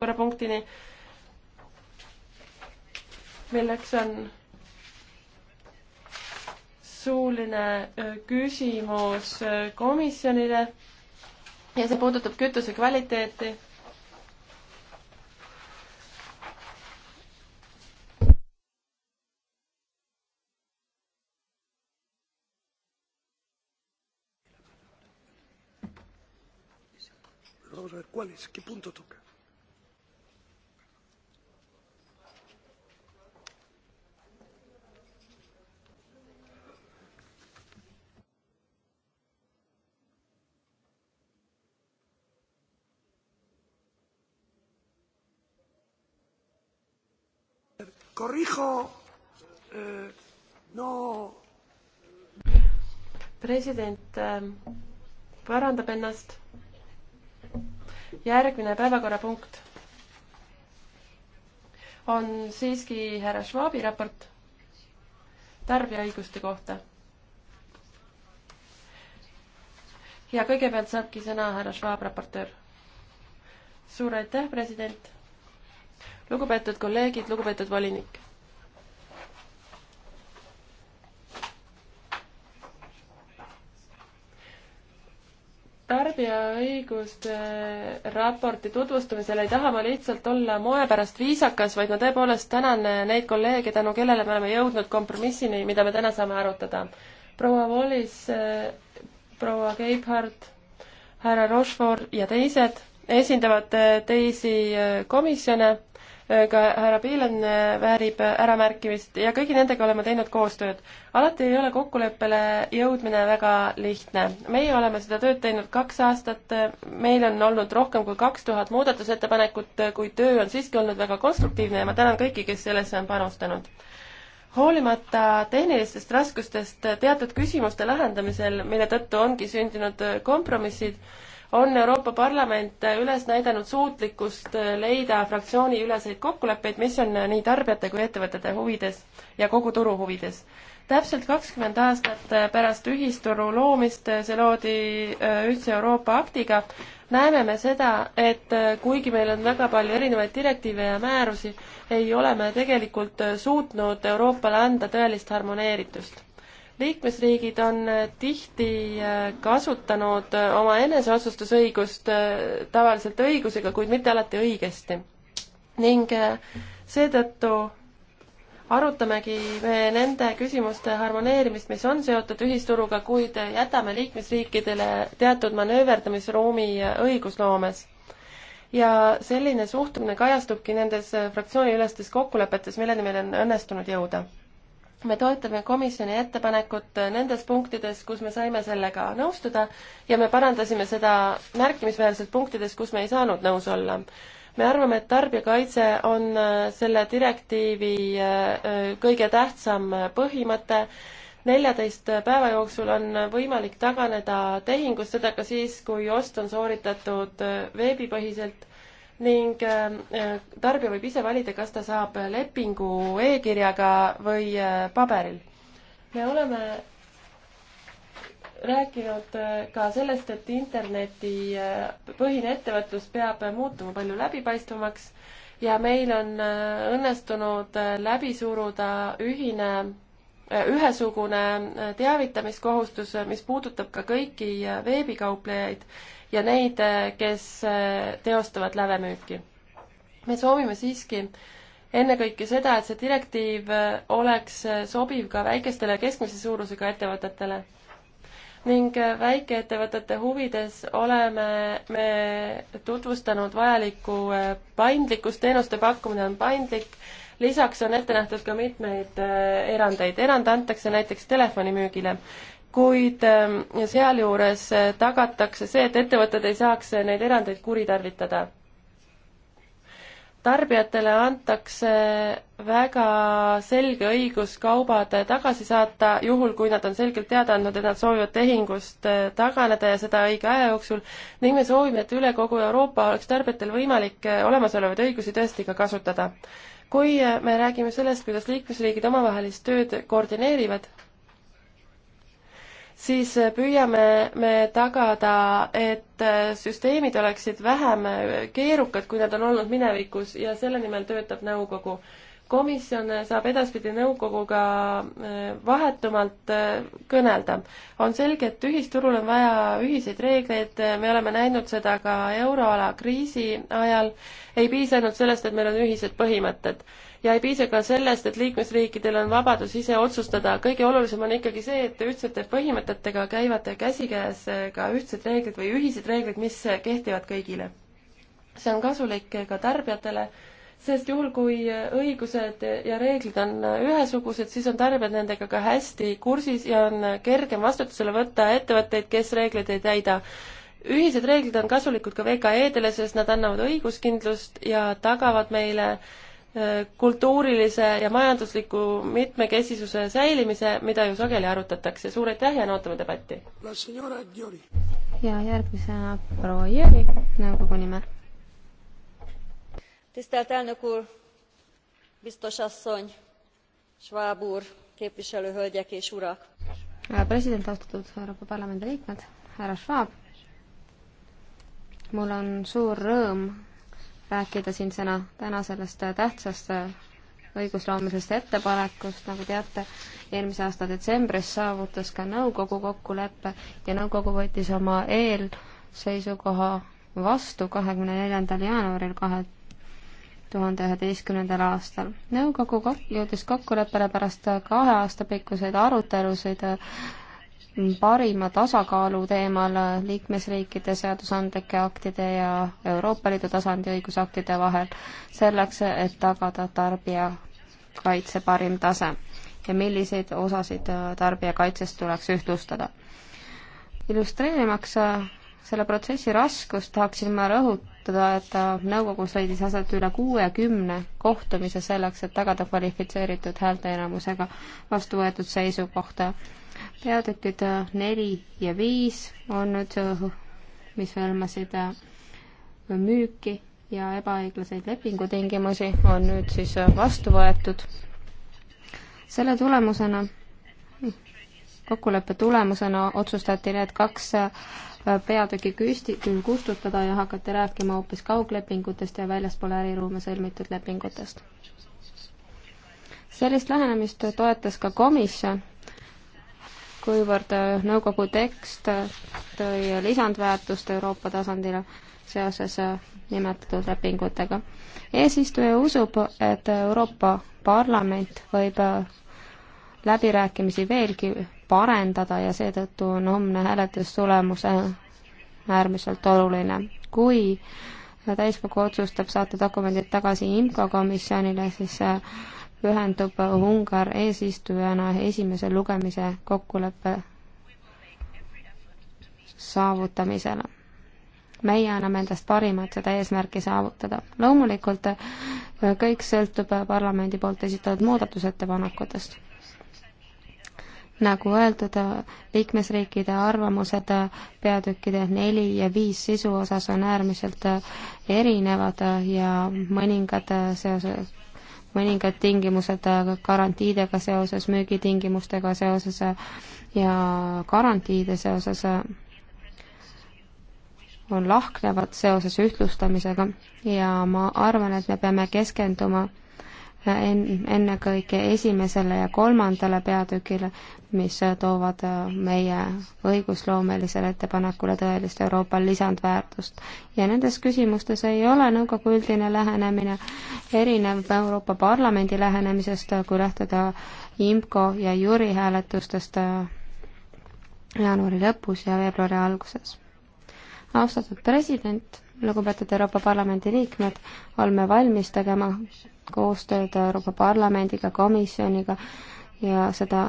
korrapunktini, milleks on suuline äh, küsimus äh, komisjonile ja see puudutab kütuse kvaliteeti. Vamos a ver cuál es, qué punto toca. corrijo eh, no president eh, parandab ennast järgmine päevakorrapunkt on siiski härra Schwabi raport tarbijaõiguste kohta ja kõigepealt saabki sõna härra Schwab raportöör suur aitäh president lugupeetud kolleegid, lugupeetud volinik. tarbijaõiguste raporti tutvustamisel ei taha ma lihtsalt olla moe pärast viisakas, vaid ma tõepoolest tänan neid kolleege, tänu kellele me oleme jõudnud kompromissini, mida me täna saame arutada. proua Wallis, proua Keibhardt, härra Rochefort ja teised esindavad teisi komisjone ka härra Piilen äh, väärib äh, äramärkimist ja kõigi nendega oleme teinud koostööd. alati ei ole kokkuleppele jõudmine väga lihtne. meie oleme seda tööd teinud kaks aastat, meil on olnud rohkem kui kaks tuhat muudatusettepanekut, kuid töö on siiski olnud väga konstruktiivne ja ma tänan kõiki, kes sellesse on panustanud hoolimata tehnilistest raskustest teatud küsimuste lahendamisel, mille tõttu ongi sündinud kompromissid, on Euroopa Parlament üles näidanud suutlikkust leida fraktsiooniüleseid kokkuleppeid, mis on nii tarbijate kui ettevõtete huvides ja kogu turu huvides. täpselt kakskümmend aastat pärast ühisturu loomist, see loodi äh, ühtse Euroopa aktiga, näeme me seda, et äh, kuigi meil on väga palju erinevaid direktiive ja määrusi, ei ole me tegelikult äh, suutnud Euroopale anda tõelist harmoneeritust liikmesriigid on äh, tihti äh, kasutanud äh, oma eneseotsustusõigust tavaliselt õigusega, kuid mitte alati õigesti. ning seetõttu arutamegi me nende küsimuste harmoneerimist, mis on seotud ühisturuga, kuid jätame liikmesriikidele teatud manööverdamisruumi õigusloomes ja selline suhtumine kajastubki nendes fraktsiooniülestes kokkulepetes, milleni meil on õnnestunud jõuda me toetame komisjoni ettepanekut nendes punktides, kus me saime sellega nõustuda ja me parandasime seda märkimisväärselt punktides, kus me ei saanud nõus olla. me arvame, et tarbijakaitse on äh, selle direktiivi äh, äh, kõige tähtsam põhimõte. neljateist päeva jooksul on võimalik taganeda tehingust, seda ka siis, kui ost on sooritatud veebipõhiselt ning äh, äh, tarbija võib ise valida, kas ta saab lepingu e-kirjaga või äh, paberil. me oleme rääkinud ka sellest, et internetipõhine ettevõtlus peab muutuma palju läbipaistvamaks ja meil on õnnestunud läbi suruda ühine ühesugune äh, teavitamiskohustus, äh, mis puudutab ka kõiki äh, veebikauplejaid ja neid, kes teostavad lävemüüki. me soovime siiski ennekõike seda, et see direktiiv oleks sobiv ka väikestele ja keskmise suurusega ettevõtetele. ning väikeettevõtete huvides oleme me tutvustanud vajalikku paindlikkust, teenuste pakkumine on paindlik lisaks on ette nähtud ka mitmeid äh, erandeid. erand antakse näiteks telefonimüügile, kuid ähm, sealjuures äh, tagatakse see, et ettevõtted ei saaks äh, neid erandeid kuritarvitada. tarbijatele antakse väga selge õigus kaubad tagasi saata, juhul kui nad on selgelt teada andnud, et nad soovivad tehingust taganeda ja seda õige aja jooksul ning me soovime, et üle kogu Euroopa oleks tarbijatel võimalik olemasolevaid õigusi tõesti ka kasutada kui äh, me räägime sellest, kuidas liikmesriigid omavahelist tööd koordineerivad, siis äh, püüame me tagada, et äh, süsteemid oleksid vähem keerukad, kui nad on olnud minevikus ja selle nimel töötab nõukogu komisjon saab edaspidi nõukoguga äh, vahetumalt äh, kõnelda. on selge, et ühisturul on vaja ühiseid reegleid, me oleme näinud seda ka euroala kriisi ajal, ei piisa ainult sellest, et meil on ühised põhimõtted ja ei piisa ka sellest, et liikmesriikidel on vabadus ise otsustada, kõige olulisem on ikkagi see, et ühtsete põhimõtetega käivad käsikäes äh, ka ühtsed reeglid või ühised reeglid, mis kehtivad kõigile. see on kasulik ka tarbijatele sest juhul, kui õigused ja reeglid on ühesugused, siis on tarbijad nendega ka hästi kursis ja on kergem vastutusele võtta ettevõtteid, kes reegleid ei täida. ühised reeglid on kasulikud ka VKE-dele, sest nad annavad õiguskindlust ja tagavad meile äh, kultuurilise ja majandusliku mitmekesisuse säilimise, mida ju sageli arutatakse. suur aitäh, jään ootama debatti! ja järgmisena proua Jüri, nõukogu nimel tisztelt elnök úr biztos asszony schwab úr képviselő hölgyek és urak! president austatud euroopa parlamendi liikmed härra schwab! mul on suur rõõm rääkida siin sõna täna sellest tähtsast õigusloomisest ettepanekust, nagu teate, eelmise aasta detsembris saavutas ka nõukogu kokkulepe ja nõukogu võttis oma eelseisukoha vastu kahekümne neljandal jaanuaril kahe tuhande üheteistkümnendal aastal. nõukogu kok-, jõudis kokkuleppele pärast kahe aasta pikkuseid arutelusid äh, parima tasakaalu teemal liikmesriikide seadusandlike aktide ja Euroopa Liidu tasandi õigusaktide vahel, selleks et tagada tarbijakaitse parim tase ja milliseid osasid äh, tarbijakaitsest tuleks ühtlustada. illustreerimaks äh, selle protsessi raskust tahaksin ma rõhutada, et nõukogus leidis aset üle kuuekümne kohtumise selleks, et tagada kvalifitseeritud häälteenamusega vastu võetud seisukohta. peatükid äh, neli ja viis on nüüd, äh, mis hõlmasid äh, müüki ja ebaõiglaseid lepingutingimusi, on nüüd siis vastu võetud. selle tulemusena kokkuleppe tulemusena otsustati need kaks äh, peatüki küsti-, kustutada ja hakati rääkima hoopis kauglepingutest ja väljaspool äriruume sõlmitud lepingutest. sellist lähenemist toetas ka komisjon, kuivõrd äh, nõukogu tekst äh, tõi lisandväärtust Euroopa tasandile seoses nimetatud lepingutega. eesistuja usub, et Euroopa Parlament võib läbirääkimisi veelgi parendada ja seetõttu on homne hääletustulemuse äärmiselt oluline. kui täiskogu otsustab saata dokumendid tagasi IMCO komisjonile, siis pühendub Ungar eesistujana esimese lugemise kokkuleppe saavutamisele. meie anname endast parima, et seda eesmärki saavutada. loomulikult kõik sõltub parlamendi poolt esitatud muudatusettepanekutest nagu öeldud, liikmesriikide arvamused peatükkide neli ja viis sisu osas on äärmiselt erinevad ja mõningad seoses, mõningad tingimused garantiidega seoses, müügitingimustega seoses ja garantiide seoses on lahknevad seoses ühtlustamisega ja ma arvan, et me peame keskenduma ennekõike esimesele ja kolmandale peatükile, mis toovad äh, meie õigusloomelisele ettepanekule tõelist Euroopa lisandväärtust. ja nendes küsimustes ei ole nõukogu üldine lähenemine erinev Euroopa Parlamendi lähenemisest, kui lähtuda IMCO ja Jüri hääletustest äh, jaanuari lõpus ja veebruari alguses. austatud president, lugupeetud Euroopa Parlamendi liikmed, oleme valmis tegema koostööd Euroopa Parlamendiga, komisjoniga ja seda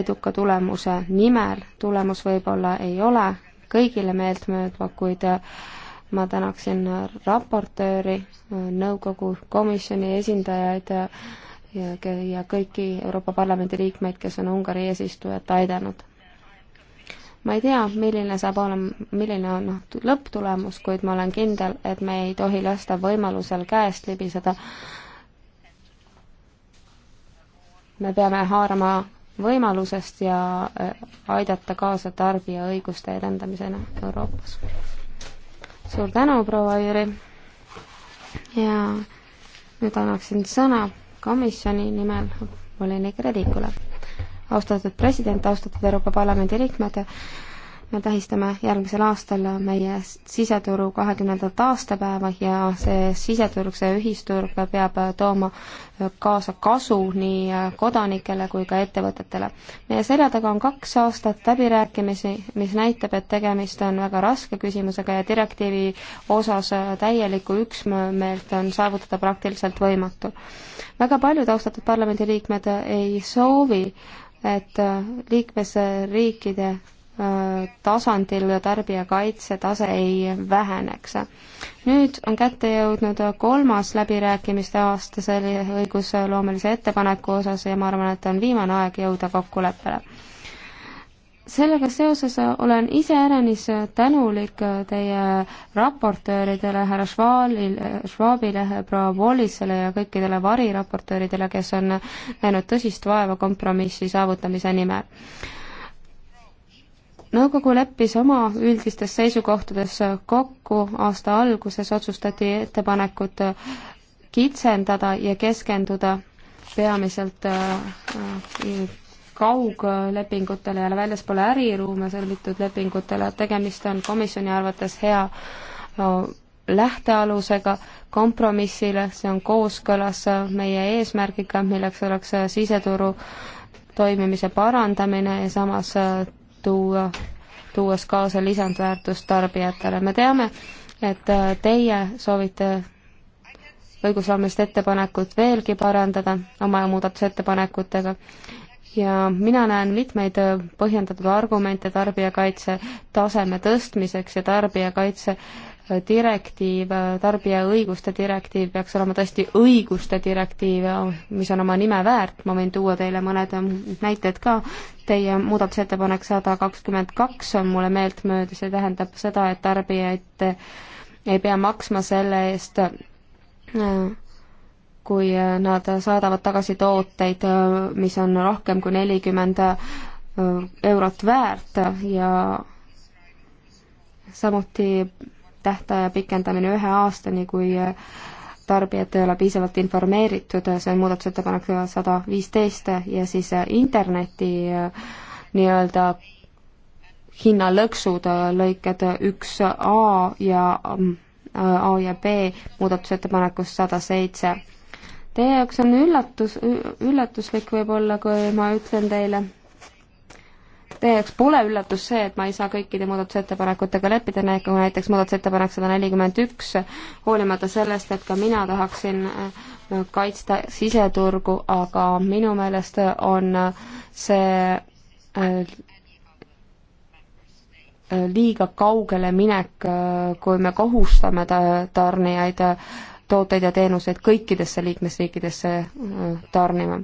eduka tulemuse nimel. tulemus võib-olla ei ole kõigile meeltmööda, kuid ma tänaksin raportööri, nõukogu komisjoni esindajaid ja, ja kõiki Euroopa Parlamendi liikmeid, kes on Ungari eesistujat aidanud ma ei tea, milline saab olema, milline on noh, lõpptulemus, kuid ma olen kindel, et me ei tohi lasta võimalusel käest libiseda. me peame haarama võimalusest ja äh, aidata kaasa tarbija õiguste edendamisena Euroopas. suur tänu, proua Jüri! ja nüüd annaksin sõna komisjoni nimel volinik Redikule austatud president, austatud Euroopa Parlamendi liikmed, me tähistame järgmisel aastal meie siseturu kahekümnendat aastapäeva ja see siseturg, see ühisturg peab tooma kaasa kasu nii kodanikele kui ka ettevõtetele. meie selja taga on kaks aastat läbirääkimisi, mis näitab, et tegemist on väga raske küsimusega ja direktiivi osas täielikku üksmeelt on saavutada praktiliselt võimatu. väga paljud austatud parlamendiliikmed ei soovi äh, et äh, liikmesriikide äh, tasandil tarbijakaitse tase ei väheneks. nüüd on kätte jõudnud kolmas läbirääkimiste aasta selle õigusloomelise ettepaneku osas ja ma arvan, et on viimane aeg jõuda kokkuleppele sellega seoses olen iseäranis tänulik teie raportööridele, härra Schwabil, Schwabile, proua Wallisele ja kõikidele variraportööridele, kes on näinud tõsist vaeva kompromissi saavutamise nimel. nõukogu leppis oma üldistes seisukohtades kokku, aasta alguses otsustati ettepanekut kitsendada ja keskenduda peamiselt äh, äh kauglepingutele ja väljaspool äriruume sõlmitud lepingutele, et tegemist on komisjoni arvates hea no, lähtealusega kompromissile, see on kooskõlas meie eesmärgiga, milleks oleks siseturu toimimise parandamine ja samas tuua, tuues kaasa lisandväärtust tarbijatele. me teame, et teie soovite õigusloomist ettepanekut veelgi parandada oma muudatusettepanekutega ja mina näen mitmeid põhjendatud argumente tarbijakaitse taseme tõstmiseks ja tarbijakaitse äh, direktiiv, äh, tarbija õiguste direktiiv peaks olema tõesti õiguste direktiiv, äh, mis on oma nime väärt, ma võin tuua teile mõned näited ka. Teie muudatusettepanek sada kakskümmend kaks on mulle meeltmööda, see tähendab seda, et tarbijaid ei pea maksma selle eest äh, kui eh, nad saadavad tagasi tooteid, eh, mis on rohkem kui nelikümmend eh, eurot väärt ja samuti tähtaja pikendamine ühe aastani, kui tarbijad ei ole piisavalt informeeritud, see on muudatusettepanek sada viisteist ja siis interneti nii-öelda hinnalõksud, lõiked üks A ja mm, A ja B muudatusettepanekust sada seitse Teie jaoks on üllatus, üllatuslik võib-olla, kui ma ütlen teile, teie jaoks pole üllatus see, et ma ei saa kõikide muudatusettepanekutega leppida, näiteks muudatusettepanek sada nelikümmend üks, hoolimata sellest, et ka mina tahaksin äh, kaitsta siseturgu, aga minu meelest on äh, see äh, liiga kaugele minek, kui me kohustame tarnijaid ta tooteid ja teenuseid kõikidesse liikmesriikidesse äh, tarnima.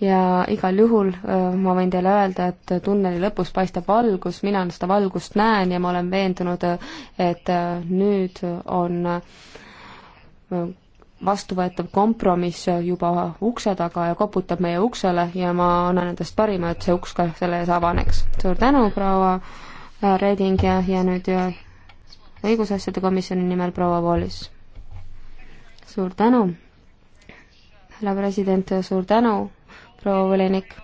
ja igal juhul äh, ma võin teile öelda, et tunneli lõpus paistab valgus, mina seda valgust näen ja ma olen veendunud, äh, et nüüd on vastuvõetav kompromiss juba ukse taga ja koputab meie uksele ja ma annan endast parima, et see uks ka selle ees avaneks. suur tänu, proua Reding ja, ja nüüd õigusasjade komisjoni nimel proua Wallis suur tänu, härra president, suur tänu, proua volinik.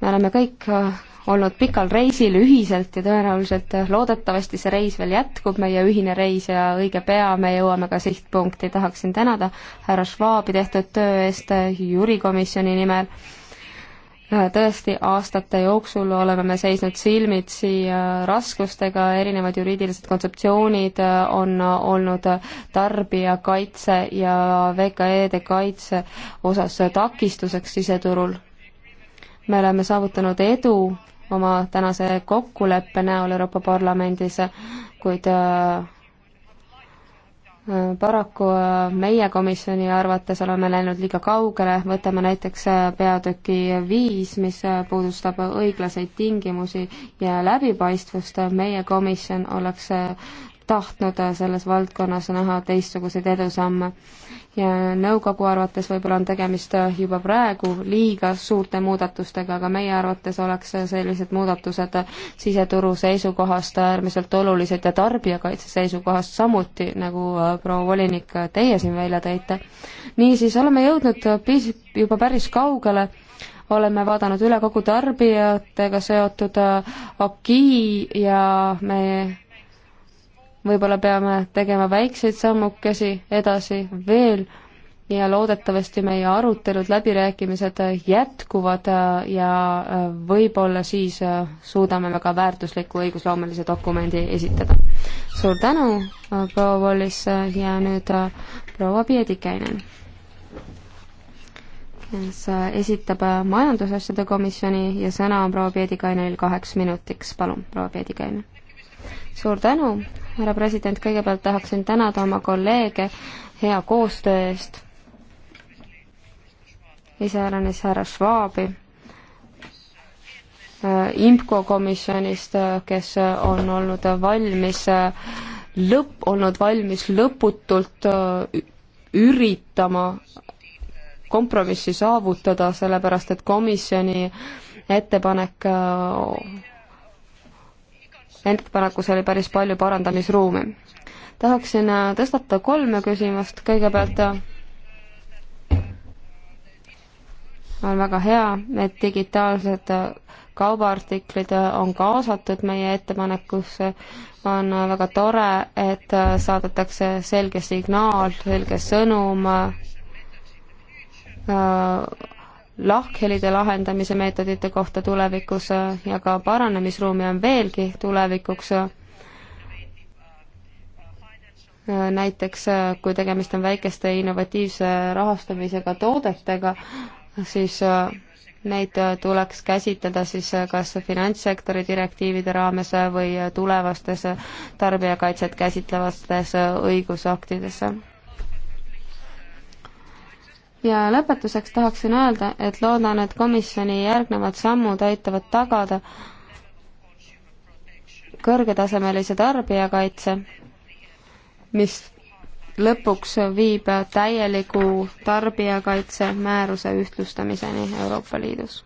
me oleme kõik äh, olnud pikal reisil ühiselt ja tõenäoliselt äh, loodetavasti see reis veel jätkub, meie ühine reis ja õige pea me jõuame ka sihtpunkti, tahaksin tänada härra Schwabi tehtud töö eest äh, jurikomisjoni nimel Äh, tõesti, aastate jooksul oleme me seisnud silmitsi äh, raskustega, erinevad juriidilised kontseptsioonid äh, on olnud tarbijakaitse ja VKE-de kaitse osas takistuseks siseturul. me oleme saavutanud edu oma tänase kokkuleppe näol Euroopa Parlamendis, kuid paraku äh, meie komisjoni arvates oleme läinud liiga kaugele, võtame näiteks äh, peatüki viis, mis äh, puudustab õiglaseid tingimusi ja läbipaistvust, meie komisjon oleks tahtnud selles valdkonnas näha teistsuguseid edusamme. ja nõukogu arvates võib-olla on tegemist juba praegu liiga suurte muudatustega, aga meie arvates oleks sellised muudatused siseturu seisukohast äärmiselt olulised ja tarbijakaitse seisukohast samuti, nagu äh, proua volinik, teie siin välja tõite. niisiis oleme jõudnud piis-, juba päris kaugele oleme vaadanud üle kogu tarbijatega seotud akii äh, ja me võib-olla peame tegema väikseid sammukesi edasi veel ja loodetavasti meie arutelud, läbirääkimised jätkuvad äh, ja äh, võib-olla siis äh, suudame väga väärtusliku õigusloomelise dokumendi esitada. suur tänu, proua Wallis ja nüüd proua Piedikäinen, kes esitab Majandusasjade Komisjoni ja sõna on proua Piedikäinenil kaheks minutiks, palun, proua Piedikäinen suur tänu, härra president, kõigepealt tahaksin tänada oma kolleege hea koostöö eest, iseäranis härra Schwabi äh, IMCO komisjonist, äh, kes on olnud valmis äh, lõpp, olnud valmis lõputult üritama kompromissi saavutada, sellepärast et komisjoni ettepanek ettepanekus oli päris palju parandamisruumi. tahaksin äh, tõstata kolme küsimust, kõigepealt äh, on väga hea, et digitaalsed äh, kaubaartiklid on kaasatud meie ettepanekusse, on väga tore, et saadetakse selge signaal, selge sõnum äh, lahkhelide lahendamise meetodite kohta tulevikus äh, ja ka paranemisruumi on veelgi tulevikuks. Äh, näiteks äh, kui tegemist on väikeste innovatiivse rahastamisega toodetega, siis neid tuleks käsitleda siis kas finantssektori direktiivide raames või tulevastes tarbijakaitset käsitlevates õigusaktides ja lõpetuseks tahaksin öelda, et loodan, et komisjoni järgnevad sammud aitavad tagada kõrgetasemelise tarbijakaitse, mis lõpuks viib täieliku tarbijakaitse määruse ühtlustamiseni Euroopa Liidus.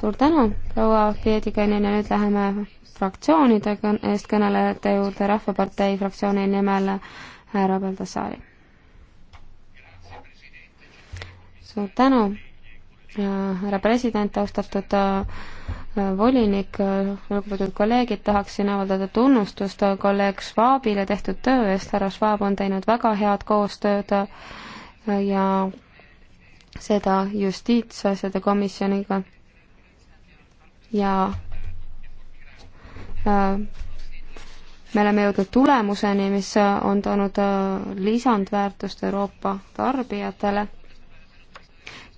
suur tänu, proua Piedikannin ja nüüd läheme fraktsioonide eestkõnelejate juurde, Rahvapartei fraktsiooni nimel härra Baldassari. suur tänu, äh, härra president, austatud äh, volinik, äh, lugupeetud kolleegid, tahaksin avaldada tunnustust kolleeg Schwabile tehtud töö eest, härra Schwab on teinud väga head koostööd ja seda justiitsasjade komisjoniga ja äh, me oleme jõudnud tulemuseni, mis on toonud äh, lisandväärtust Euroopa tarbijatele.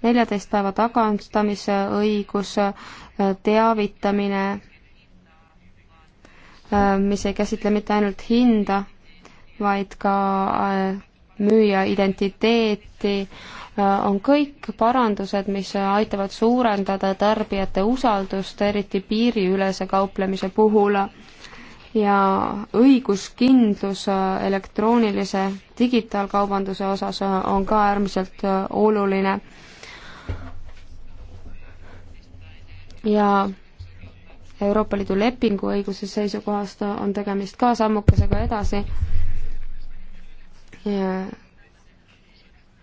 neljateist päeva tagastamisõigus, äh, teavitamine, äh, mis ei käsitle mitte ainult hinda, vaid ka müüja identiteeti, on kõik parandused, mis aitavad suurendada tarbijate usaldust, eriti piiriülese kauplemise puhul ja õiguskindlus äh, elektroonilise digitaalkaubanduse osas äh, on ka äärmiselt äh, oluline. ja Euroopa Liidu lepingu õiguse seisukohast on tegemist ka sammukesega edasi.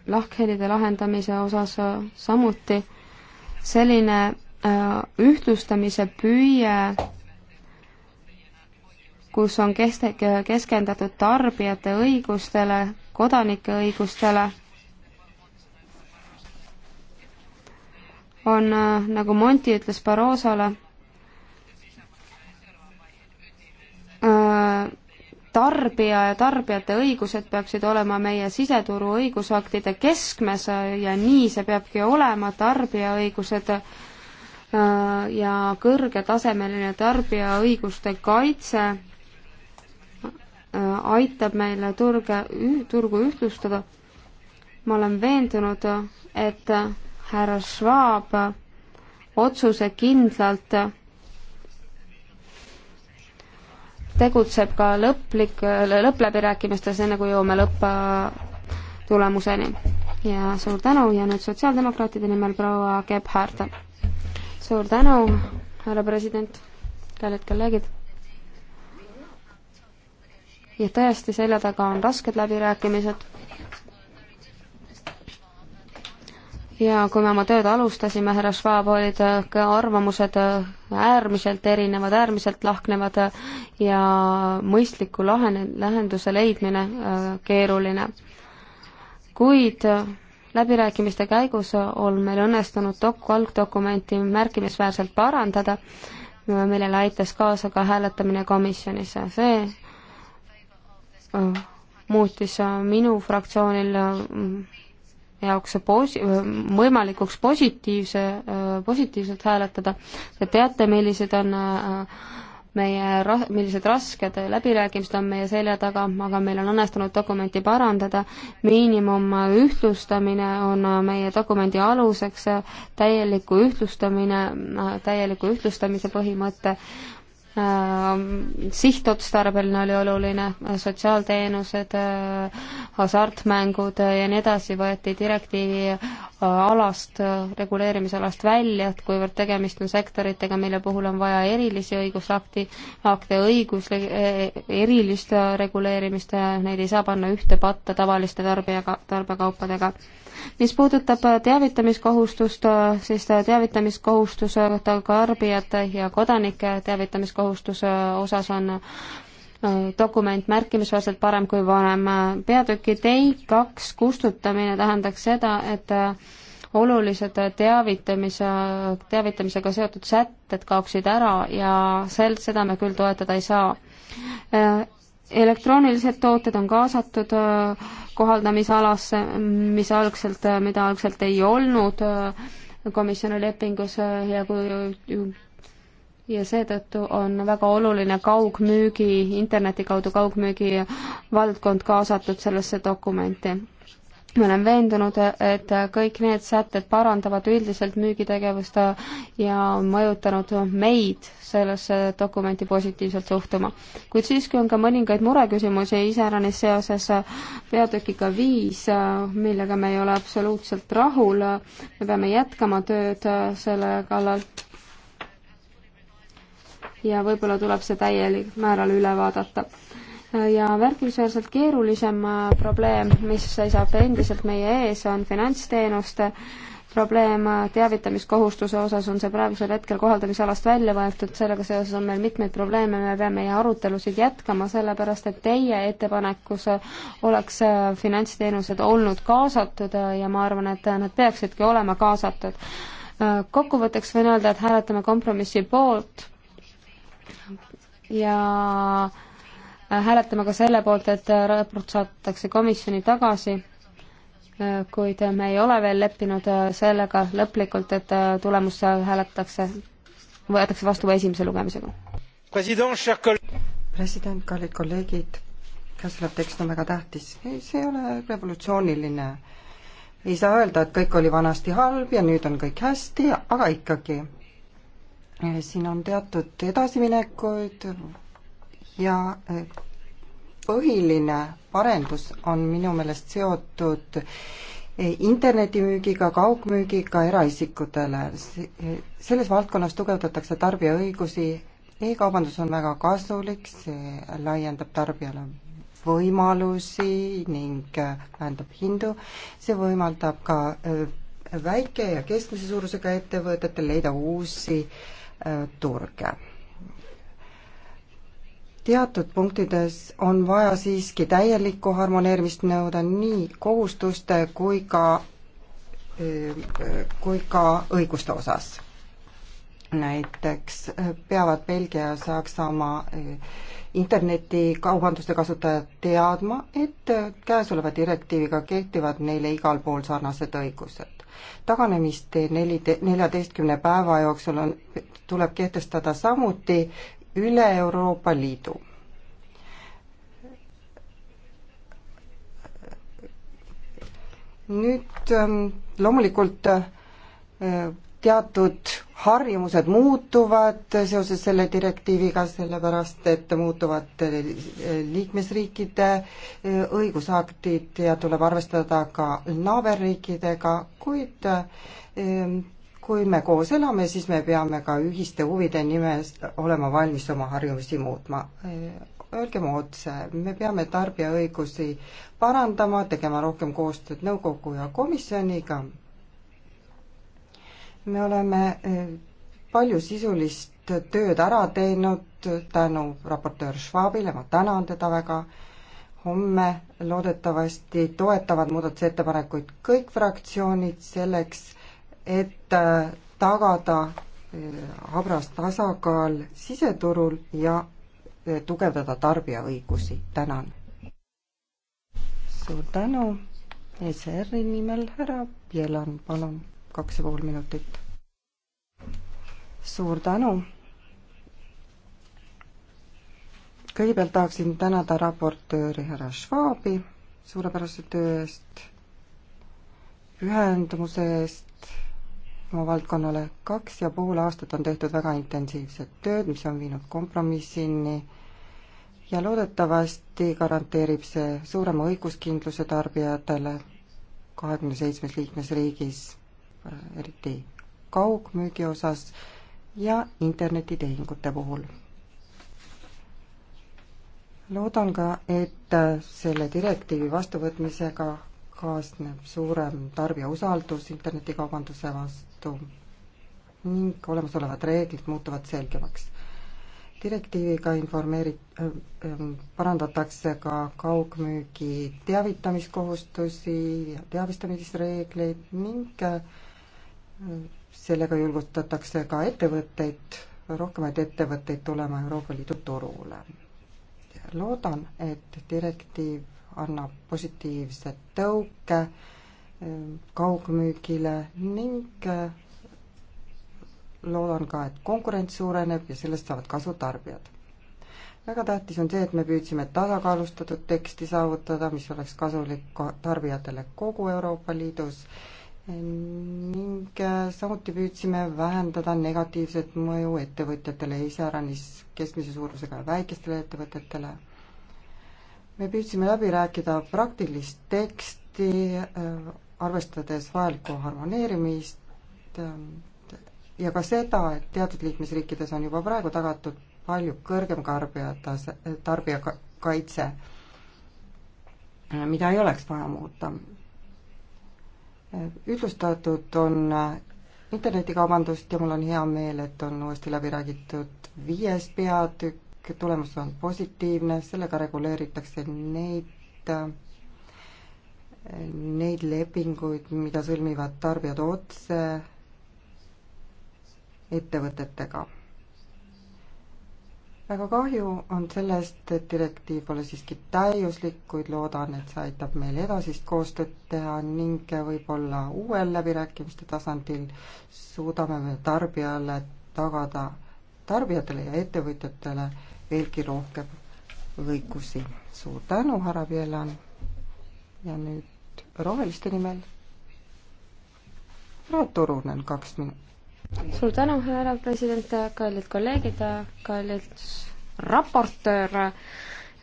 lahkhelide lahendamise osas samuti selline ühtlustamise püüe kus on keste-, keskendatud tarbijate õigustele, kodanike õigustele, on, äh, nagu Monti ütles Barrosole, äh, tarbija ja tarbijate õigused peaksid olema meie siseturu õigusaktide keskmes äh, ja nii see peabki olema, tarbija õigused ja kõrgetasemeline tarbija õiguste kaitse Äh, aitab meile turge, turgu ühtlustada. ma olen veendunud, et härra Schwab otsuse kindlalt tegutseb ka lõplik, lõppläbirääkimistes, enne kui jõuame lõpptulemuseni. ja suur tänu ja nüüd sotsiaaldemokraatide nimel proua Gebhard. suur tänu, härra president, kallid kolleegid ja tõesti, selja taga on rasked läbirääkimised. ja kui me oma tööd alustasime, härra Schwab, olid äh, arvamused äh, äärmiselt erinevad, äärmiselt lahknevad äh, ja mõistliku lahene, lahenduse leidmine keeruline. kuid läbirääkimiste käigus on meil õnnestunud dok-, algdokumenti märkimisväärselt parandada millele aitas kaasa ka hääletamine komisjonis. see muutis äh, minu fraktsioonil äh, jaoks posi-, äh, võimalikuks positiivse, positiivselt hääletada. Te teate, millised on meie ra-, millised rasked läbirääkimised on meie selja taga, aga meil on õnnestunud dokumenti parandada, miinimum ühtlustamine on meie dokumendi aluseks, täieliku ühtlustamine, täieliku ühtlustamise põhimõte Äh, sihtotstarbeline oli oluline, sotsiaalteenused, äh, hasartmängud äh, ja nii edasi võeti direktiivi alast, reguleerimisalast välja, et kuivõrd tegemist on sektoritega, mille puhul on vaja erilisi õigusakti, akte õigus, e-, erilist reguleerimist, neid ei saa panna ühte patta tavaliste tarbijaga, tarbekaupadega mis puudutab äh, teavitamiskohustust, äh, siis äh, teavitamiskohustus tarbijate ja kodanike teavitamiskohustuse osas on dokument märkimisväärselt parem kui varem. peatüki tei kaks kustutamine tähendaks seda, et olulised teavitamise, teavitamisega seotud sätted kaoksid ära ja sel, seda me küll toetada ei saa elektroonilised tooted on kaasatud äh, kohaldamisalasse, mis algselt, äh, mida algselt ei olnud äh, komisjoni lepingus ja kui ja seetõttu on väga oluline kaugmüügi, interneti kaudu kaugmüügi valdkond kaasatud sellesse dokumenti ma olen veendunud, et kõik need sätted parandavad üldiselt müügitegevust ja on mõjutanud meid sellesse dokumenti positiivselt suhtuma. kuid siiski on ka mõningaid mureküsimusi iseäranis seoses peatükiga viis, millega me ei ole absoluutselt rahul. me peame jätkama tööd selle kallal. ja võib-olla tuleb see täielik määral üle vaadata ja märkimisväärselt keerulisem äh, probleem, mis seisab endiselt meie ees, on finantsteenuste probleem äh, teavitamiskohustuse osas on see praegusel hetkel kohaldamisalast välja võetud, sellega seoses on meil mitmeid probleeme, me peame meie arutelusid jätkama, sellepärast et teie ettepanekus äh, oleks finantsteenused olnud kaasatud ja ma arvan, et nad peaksidki olema kaasatud. kokkuvõtteks võin öelda, et hääletame kompromissi poolt ja hääletama ka selle poolt, et raport saadetakse komisjoni tagasi, kuid me ei ole veel leppinud sellega lõplikult, et tulemus hääletatakse, võetakse vastu esimese lugemisega. president, kallid kolleegid, käesolev tekst on väga tähtis. ei, see ei ole revolutsiooniline ei saa öelda, et kõik oli vanasti halb ja nüüd on kõik hästi, aga ikkagi. siin on teatud edasiminekuid, ja äh, põhiline arendus on minu meelest seotud äh, internetimüügiga, kaugmüügiga eraisikutele. Äh, selles valdkonnas tugevdatakse tarbija õigusi e, e-kaubandus on väga kasulik, see laiendab tarbijale võimalusi ning vähendab hindu, see võimaldab ka väike- ja keskmise suurusega ettevõtetel leida uusi turge teatud punktides on vaja siiski täielikku harmoneerimist nõuda nii kohustuste kui ka, kui ka õiguste osas. näiteks peavad Belgia ja Saksamaa eh, internetikaubanduste kasutajad teadma, et käesoleva direktiiviga kehtivad neile igal pool sarnased õigused taganemiste neli, neljateistkümne päeva jooksul on tuleb kehtestada samuti üle Euroopa Liidu. nüüd ähm, loomulikult äh, teatud harjumused muutuvad seoses selle direktiiviga, sellepärast et muutuvad äh, liikmesriikide äh, õigusaktid ja tuleb arvestada ka naaberriikidega, kuid kui me koos elame, siis me peame ka ühiste huvide nimes olema valmis oma harjumusi muutma. Äh, Öelgem otse, me peame tarbijaõigusi parandama, tegema rohkem koostööd nõukogu ja komisjoniga. me oleme äh, palju sisulist tööd ära teinud tänu raportöör Schwabile, ma tänan teda väga homme loodetavasti toetavad muudatusettepanekuid kõik fraktsioonid selleks, et äh, tagada äh, habras tasakaal siseturul ja äh, tugevdada tarbija õigusi. tänan. suur tänu. E SR-i nimel härra Jelan, palun, kaks ja pool minutit. suur tänu. kõigepealt tahaksin tänada raportööri härra Schwabi suurepärase töö eest, pühendumuse eest oma valdkonnale. kaks ja pool aastat on tehtud väga intensiivset tööd, mis on viinud kompromissini ja loodetavasti garanteerib see suurema õiguskindluse tarbijatele kahekümne seitsmes liikmesriigis, eriti kaugmüügi osas ja internetitehingute puhul. loodan ka, et selle direktiivi vastuvõtmisega kaasneb suurem tarbija usaldus internetikaubanduse vastu ning olemasolevad reeglid muutuvad selgemaks. direktiiviga informeeri- äh, äh,, parandatakse ka kaugmüügi teavitamiskohustusi ja teavistamisreegleid ning äh, sellega julgustatakse ka ettevõtteid, rohkemaid ettevõtteid tulema Euroopa Liidu turule. loodan, et direktiiv annab positiivse tõuke ehm, kaugmüügile ning eh, loodan ka, et konkurents suureneb ja sellest saavad kasu tarbijad. väga tähtis on see, et me püüdsime tasakaalustatud teksti saavutada, mis oleks kasulik tarbijatele kogu Euroopa Liidus ning eh, samuti püüdsime vähendada negatiivset mõju ettevõtjatele, iseäranis keskmise suurusega ja väikestele ettevõtetele me püüdsime läbi rääkida praktilist teksti, äh, arvestades vajalikku harmoneerimist äh, ja ka seda, et teatud liikmesriikides on juba praegu tagatud palju kõrgem tarbija tase, tarbijakaitse, mida ei oleks vaja muuta. ühtlustatud on internetikaubandust ja mul on hea meel, et on uuesti läbi räägitud viies peatükk, tulemus on positiivne, sellega reguleeritakse neid, neid lepinguid, mida sõlmivad tarbijad otse ettevõtetega. väga kahju on sellest, et direktiiv pole siiski täiuslik, kuid loodan, et see aitab meil edasist koostööd teha ning võib-olla uuel läbirääkimiste tasandil suudame me tarbijale tagada tarbijatele ja ettevõtjatele veelgi rohkem õigusi. suur tänu, härra Pielan. ja nüüd roheliste nimel. proua Turunen, kaks minutit. suur tänu, härra president, kallid kolleegid, kallid raportöör.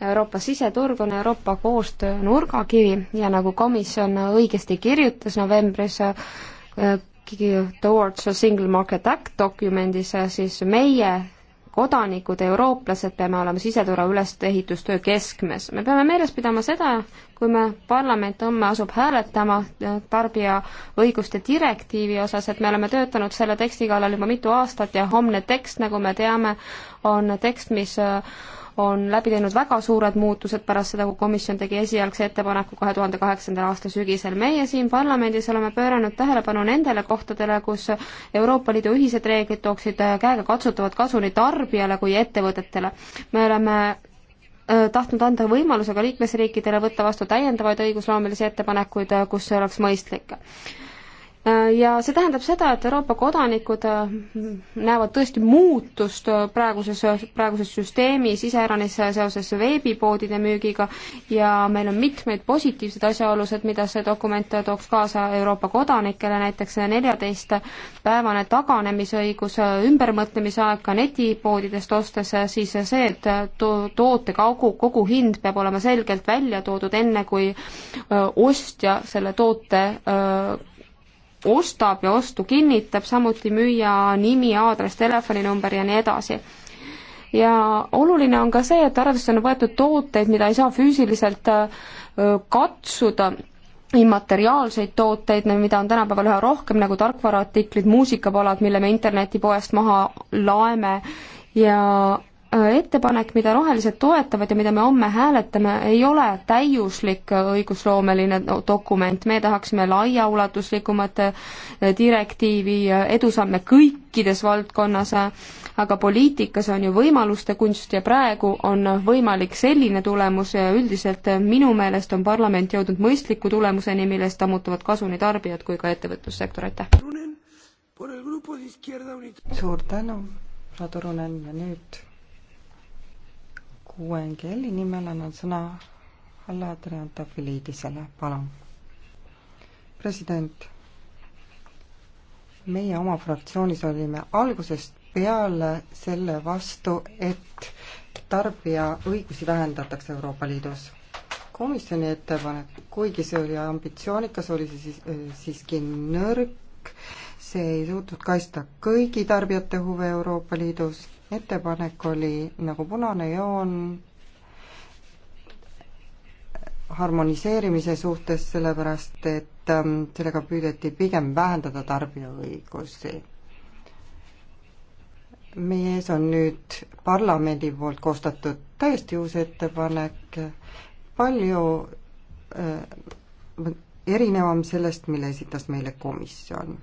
Euroopa siseturg on Euroopa koostöö nurgakivi ja nagu komisjon õigesti kirjutas novembris Towards a Single Market Act dokumendis, äh, siis meie kodanikud, eurooplased peame olema siseturu ülesehitustöö keskmes. me peame meeles pidama seda, kui me, parlament homme asub hääletama äh, tarbija õiguste direktiivi osas, et me oleme töötanud selle teksti kallal juba mitu aastat ja homne tekst, nagu me teame, on tekst, mis äh, on läbi teinud väga suured muutused pärast seda, kui komisjon tegi esialgse ettepaneku kahe tuhande kaheksandal aasta sügisel. meie siin parlamendis oleme pööranud tähelepanu nendele kohtadele, kus Euroopa Liidu ühised reeglid tooksid käegakatsutavat kasu nii tarbijale kui ettevõtetele. me oleme äh, tahtnud anda võimaluse ka liikmesriikidele võtta vastu täiendavaid õigusloomelisi ettepanekuid, äh, kus see oleks mõistlik Äh, ja see tähendab seda, et Euroopa kodanikud äh, näevad tõesti muutust äh, praeguses, praeguses süsteemis, iseäranis seoses veebipoodide müügiga ja meil on mitmeid positiivseid asjaolusid, mida see dokument tooks kaasa Euroopa kodanikele, näiteks neljateistpäevane taganemisõigus, ümbermõtlemise aeg ka netipoodidest ostes, siis see, et to-, toote kogu, kogu hind peab olema selgelt välja toodud, enne kui ostja selle toote öö, ostab ja ostu kinnitab, samuti müüja nimi, aadress, telefoninumber ja nii edasi. ja oluline on ka see, et arvesse on võetud tooteid, mida ei saa füüsiliselt katsuda, immateriaalseid tooteid, mida on tänapäeval üha rohkem, nagu tarkvaraartiklid, muusikapalad, mille me internetipoest maha laeme ja Äh, ettepanek, mida rohelised toetavad ja mida me homme hääletame, ei ole täiuslik õigusloomeline dokument, me tahaksime laiaulatuslikumat äh, direktiivi, äh, edusamme kõikides valdkonnas, aga poliitikas on ju võimaluste kunst ja praegu on võimalik selline tulemus ja üldiselt minu meelest on parlament jõudnud mõistliku tulemuseni, millest ammutavad kasu nii tarbijad kui ka ettevõtlussektor, aitäh! suur tänu, Radu Runen ja nüüd UNGL-i nimel annan sõna Alla Triantafilidisele, palun. president, meie oma fraktsioonis olime algusest peale selle vastu, et tarbija õigusi vähendatakse Euroopa Liidus. komisjoni ettepanek, kuigi see oli ambitsioonikas, oli see siis, äh, siiski nõrk, see ei suutnud kaitsta kõigi tarbijate huve Euroopa Liidus ettepanek oli nagu punane joon harmoniseerimise suhtes, sellepärast et ähm, sellega püüdeti pigem vähendada tarbijaõigusi. meie ees on nüüd parlamendi poolt koostatud täiesti uus ettepanek, palju äh, erinevam sellest, mille esitas meile komisjon.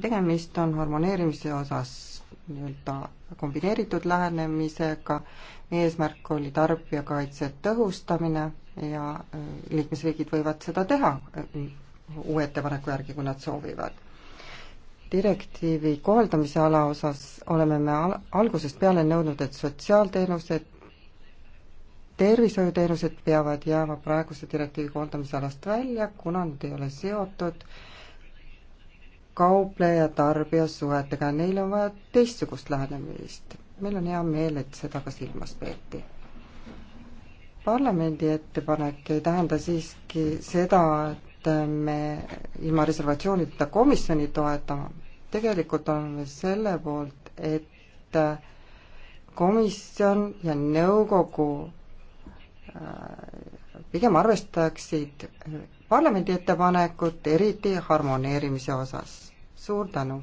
tegemist on harmoneerimise osas nii-öelda kombineeritud lähenemisega. meie eesmärk oli tarbijakaitse tõhustamine ja äh, liikmesriigid võivad seda teha äh, uue ettepaneku järgi, kui nad soovivad. direktiivi kohaldamise ala osas oleme me al algusest peale nõudnud, et sotsiaalteenused, tervishoiuteenused peavad jääma praeguse direktiivi kohaldamise alast välja, kuna nad ei ole seotud äh, kaupleja ja tarbija suhetega, neil on vaja teistsugust lähenemist. meil on hea meel, et seda ka silmas peeti. parlamendi ettepanek ei tähenda siiski seda, et me ilma reservatsioonideta komisjoni toetame. tegelikult oleme selle poolt, et komisjon ja nõukogu äh, pigem arvestaksid parlamendi ettepanekut, eriti harmoneerimise osas. suur tänu!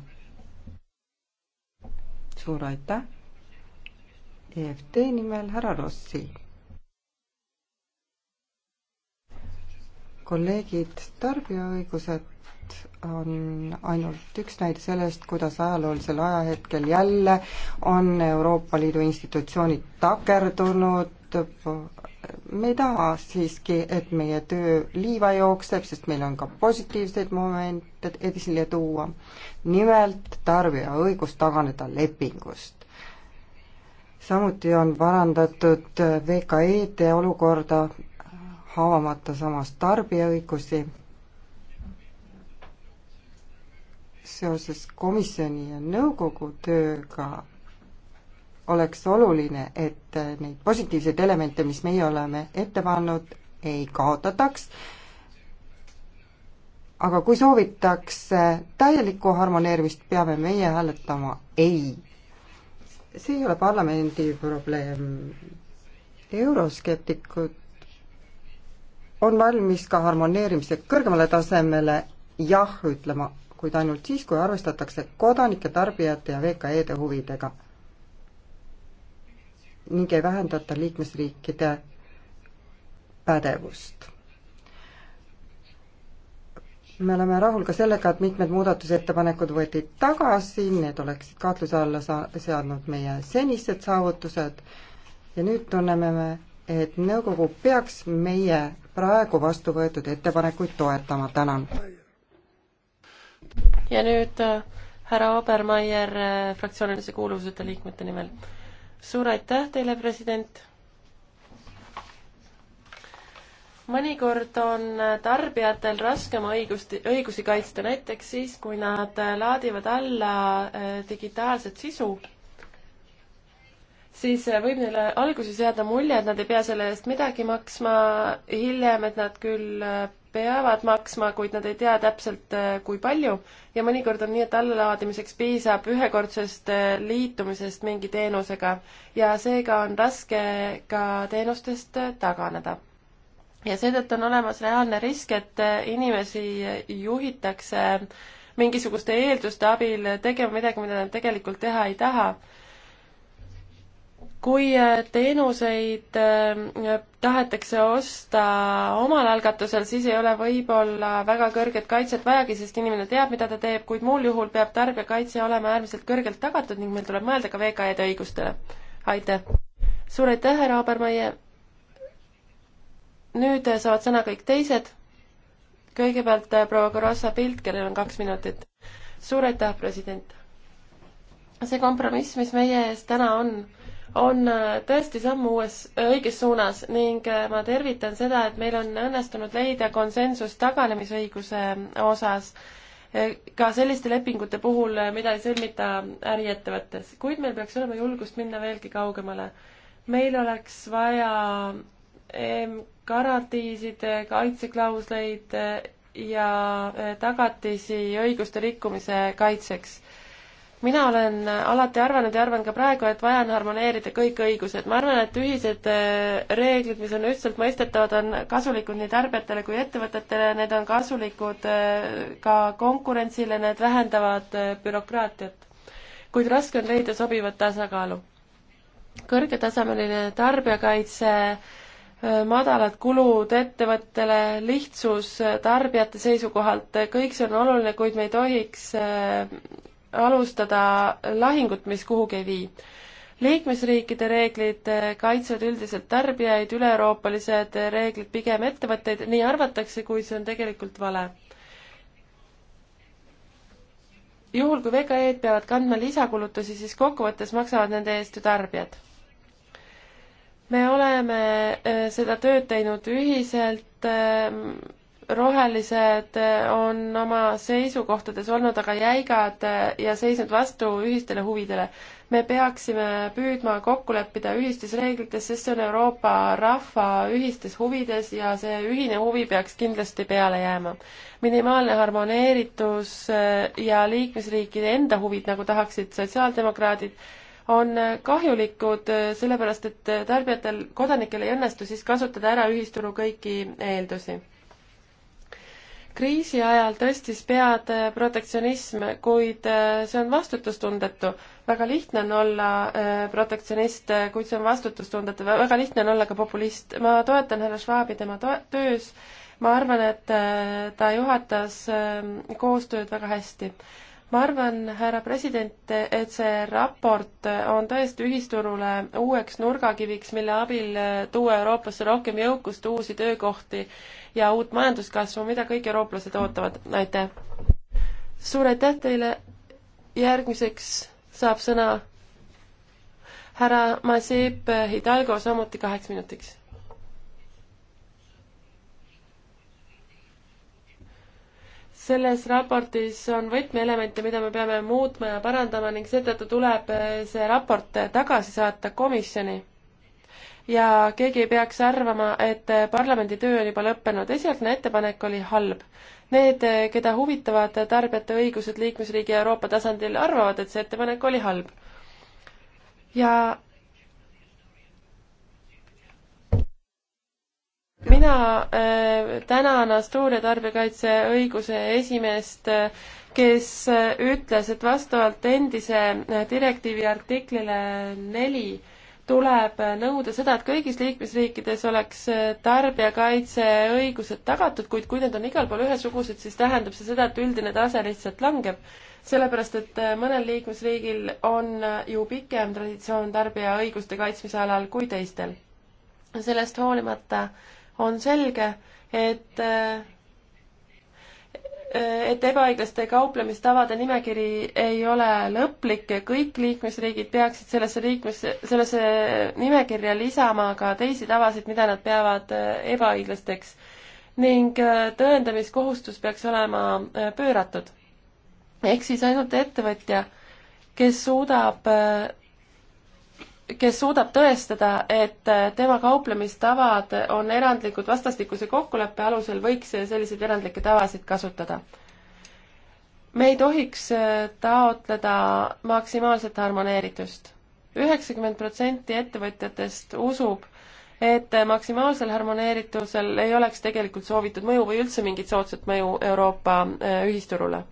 suur aitäh! EFT nimel härra Rossi. kolleegid, tarbijaõigused on ainult üks näide sellest, kuidas ajaloolisel ajahetkel jälle on Euroopa Liidu institutsioonid takerdunud me ei taha siiski, et meie töö liiva jookseb, sest meil on ka positiivseid momente esile tuua. nimelt tarbija õigus taganeda lepingust. samuti on parandatud VKE-de olukorda, haavamata samas tarbija õigusi. seoses komisjoni ja nõukogu tööga oleks oluline, et äh, neid positiivseid elemente, mis meie oleme ette pannud, ei kaotataks, aga kui soovitakse täielikku harmoneerimist, peame meie hääletama ei. see ei ole parlamendi probleem. euroskeptikud on valmis ka harmoneerimise kõrgemale tasemele jah ütlema, kuid ainult siis, kui arvestatakse kodanike, tarbijate ja VKE-de huvidega ning ei vähendata liikmesriikide pädevust. me oleme rahul ka sellega, et mitmed muudatusettepanekud võeti tagasi, need oleksid kahtluse alla sa-, seadnud meie senised saavutused ja nüüd tunneme me, et nõukogu peaks meie praegu vastu võetud ettepanekuid toetama, tänan. ja nüüd äh, härra Obermeier äh, fraktsioonilise kuuluvuseta liikmete nimel suur aitäh teile, president. mõnikord on tarbijatel raskem õigust, õigusi kaitsta, näiteks siis, kui nad laadivad alla äh, digitaalset sisu siis äh, võib neile alguses jääda mulje, et nad ei pea selle eest midagi maksma, hiljem, et nad küll äh, peavad maksma, kuid nad ei tea täpselt, äh, kui palju ja mõnikord on nii, et allalaadimiseks piisab ühekordsest äh, liitumisest mingi teenusega ja seega on raske ka teenustest äh, taganeda. ja seetõttu on olemas reaalne risk, et inimesi juhitakse mingisuguste eelduste abil tegema midagi, mida nad tegelikult teha ei taha kui äh, teenuseid äh, tahetakse osta omal algatusel, siis ei ole võib-olla väga kõrget kaitset vajagi, sest inimene teab, mida ta teeb, kuid muul juhul peab tarbijakaitse olema äärmiselt kõrgelt tagatud ning meil tuleb mõelda ka VKE-de õigustele. aitäh! suur aitäh, härra Abermaie! nüüd äh, saavad sõna kõik teised. kõigepealt proua Karossa Pilt, kellel on kaks minutit. suur aitäh, president! see kompromiss, mis meie ees täna on, on äh, tõesti samm uues, äh, õiges suunas ning äh, ma tervitan seda, et meil on õnnestunud leida konsensus taganemisõiguse osas ka selliste lepingute puhul, mida ei sõlmita äriettevõttes, kuid meil peaks olema julgust minna veelgi kaugemale. meil oleks vaja garantiisid, kaitseklausleid ja tagatisi õiguste rikkumise kaitseks mina olen alati arvanud ja arvan ka praegu, et vaja on harmoneerida kõik õigused. ma arvan, et ühised äh, reeglid, mis on ühtselt mõistetavad, on kasulikud nii tarbijatele kui ettevõtetele, need on kasulikud äh, ka konkurentsile, need vähendavad äh, bürokraatiat. kuid raske on leida sobivat tasakaalu. kõrgetasemeline tarbijakaitse madalad kulud ettevõttele, lihtsus tarbijate seisukohalt, kõik see on oluline, kuid me ei tohiks alustada lahingut, mis kuhugi ei vii. liikmesriikide reeglid kaitsevad üldiselt tarbijaid, üle-euroopalised reeglid pigem ettevõtteid, nii arvatakse, kui see on tegelikult vale. juhul, kui VKE-d peavad kandma lisakulutusi, siis kokkuvõttes maksavad nende eest ju tarbijad. me oleme äh, seda tööd teinud ühiselt ähm, rohelised eh, on oma seisukohtades olnud aga jäigad eh, ja seisnud vastu ühistele huvidele. me peaksime püüdma kokku leppida ühistes reeglites, sest see on Euroopa rahva ühistes huvides ja see ühine huvi peaks kindlasti peale jääma. minimaalne harmoneeritus eh, ja liikmesriikide enda huvid, nagu tahaksid sotsiaaldemokraadid, on kahjulikud, sellepärast et tarbijatel, kodanikel ei õnnestu siis kasutada ära ühisturu kõiki eeldusi kriisi ajal tõstis pead äh, protektsionism, kuid äh, see on vastutustundetu. väga lihtne on olla äh, protektsionist, kuid see on vastutustundetu, väga lihtne on olla ka populist. ma toetan härra Schwabi tema töös, ma arvan, et ta juhatas ähm, koostööd väga hästi ma arvan, härra president, et see raport on tõesti ühisturule uueks nurgakiviks, mille abil tuua Euroopasse rohkem jõukust, uusi töökohti ja uut majanduskasvu, mida kõik eurooplased ootavad. aitäh! suur aitäh teile! järgmiseks saab sõna härra Masip Hidalgo, samuti kaheks minutiks selles raportis on võtmeelemente, mida me peame muutma ja parandama ning seetõttu tuleb eh, see raport tagasi saata komisjoni. ja keegi ei peaks arvama, et eh, parlamendi töö on juba lõppenud, esialgne ettepanek oli halb. Need, eh, keda huvitavad tarbijate õigused liikmesriigi ja Euroopa tasandil, arvavad, et see ettepanek oli halb. ja mina äh, tänan Asturia tarbijakaitseõiguse esimeest äh,, kes äh, ütles, et vastavalt endise äh, direktiivi artiklile neli tuleb äh, nõuda seda, et kõigis liikmesriikides oleks äh, tarbijakaitseõigused tagatud, kuid kui need on igal pool ühesugused, siis tähendab see seda, et üldine tase lihtsalt langeb. sellepärast, et mõnel liikmesriigil on ju pikem traditsioon tarbija õiguste kaitsmise alal kui teistel. sellest hoolimata äh, on selge, et et ebaõiglaste kauplemistavade nimekiri ei ole lõplik ja kõik liikmesriigid peaksid sellesse liikmes, sellesse nimekirja lisama ka teisi tavasid, mida nad peavad ebaõiglasteks. ning tõendamiskohustus peaks olema pööratud. ehk siis ainult ettevõtja, kes suudab kes suudab tõestada, et äh, tema kauplemistavad on erandlikud vastastikuse kokkuleppe alusel, võiks äh, selliseid erandlikke tavasid kasutada. me ei tohiks äh, taotleda maksimaalset harmoneeritust. üheksakümmend protsenti ettevõtjatest usub, et maksimaalsel harmoneeritusel ei oleks tegelikult soovitud mõju või üldse mingit soodsat mõju Euroopa ühisturule.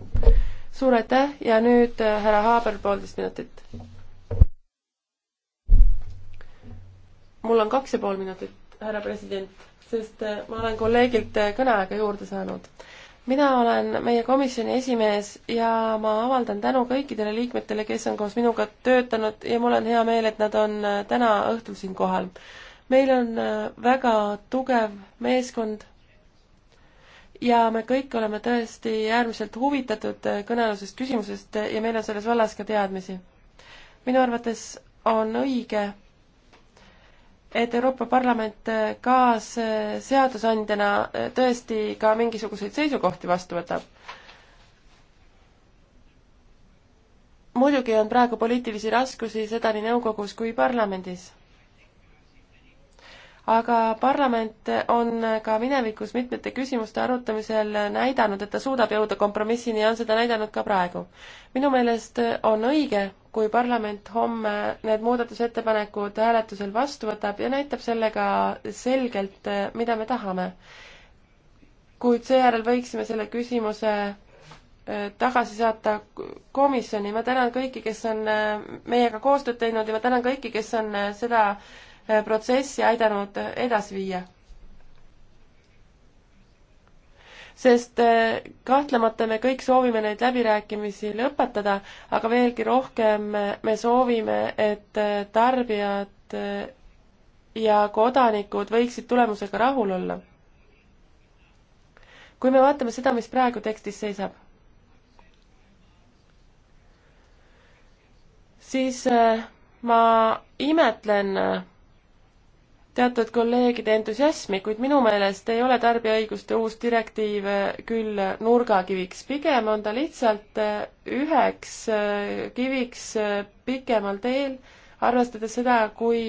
suur aitäh ja nüüd härra Haaber, poolteist minutit mul on kaks ja pool minutit, härra president, sest äh, ma olen kolleegilt äh, kõneaega juurde saanud. mina olen meie komisjoni esimees ja ma avaldan tänu kõikidele liikmetele, kes on koos minuga töötanud ja mul on hea meel, et nad on äh, täna õhtul siin kohal. meil on väga tugev meeskond ja me kõik oleme tõesti äärmiselt huvitatud kõnealusest küsimusest ja meil on selles vallas ka teadmisi. minu arvates on õige et Euroopa Parlament äh, kaas seadusandjana äh, tõesti ka mingisuguseid seisukohti vastu võtab. muidugi on praegu poliitilisi raskusi seda nii nõukogus kui parlamendis. aga parlament on ka minevikus mitmete küsimuste arutamisel näidanud, et ta suudab jõuda kompromissini ja on seda näidanud ka praegu. minu meelest on õige, kui parlament homme need muudatusettepanekud hääletusel vastu võtab ja näitab sellega selgelt, eh, mida me tahame. kuid seejärel võiksime selle küsimuse eh, tagasi saata komisjoni. ma tänan kõiki, kes on eh, meiega koostööd teinud ja ma tänan kõiki, kes on seda protsessi aidanud edasi viia sest äh, kahtlemata me kõik soovime neid läbirääkimisi lõpetada, aga veelgi rohkem äh, me soovime, et äh, tarbijad ja kodanikud võiksid tulemusega rahul olla. kui me vaatame seda, mis praegu tekstis seisab, siis ma imetlen teatud kolleegide entusiasmi, kuid minu meelest ei ole tarbijaõiguste uus direktiiv eh, küll nurgakiviks, pigem on ta lihtsalt eh, üheks eh, kiviks pikemal teel, arvestades seda, kui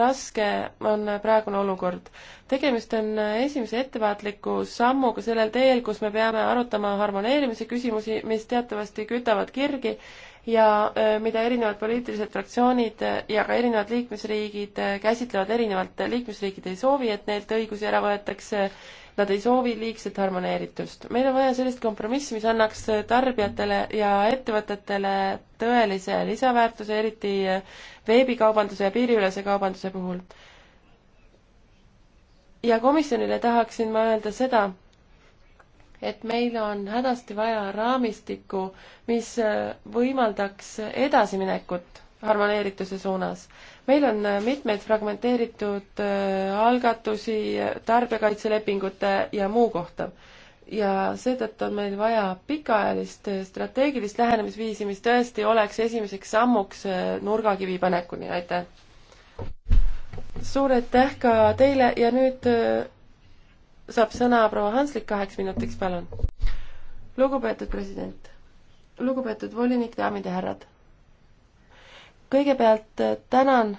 raske on praegune olukord. tegemist on esimese ettevaatliku sammuga sellel teel, kus me peame arutama harmoneerimise küsimusi, mis teatavasti kütavad kirgi ja äh, mida erinevad poliitilised fraktsioonid ja ka erinevad liikmesriigid äh, käsitlevad erinevalt. Äh, liikmesriigid ei soovi, et neilt õigusi ära võetakse, nad ei soovi liigset harmoneeritust. meil on vaja sellist kompromissi, mis annaks tarbijatele ja ettevõtetele tõelise lisaväärtuse, eriti veebikaubanduse ja piiriülese kaubanduse puhul. ja komisjonile tahaksin ma öelda seda, et meil on hädasti vaja raamistikku, mis äh, võimaldaks edasiminekut harmoneerituse suunas. meil on äh, mitmeid fragmenteeritud äh, algatusi tarbijakaitselepingute ja muu kohta ja seetõttu on meil vaja pikaajalist strateegilist lähenemisviisi, mis tõesti oleks esimeseks sammuks nurgakivi panekuni, aitäh! suur aitäh ka teile ja nüüd saab sõna proua Hanslik kaheks minutiks, palun. lugupeetud president, lugupeetud volinik, daamid ja härrad. kõigepealt äh, tänan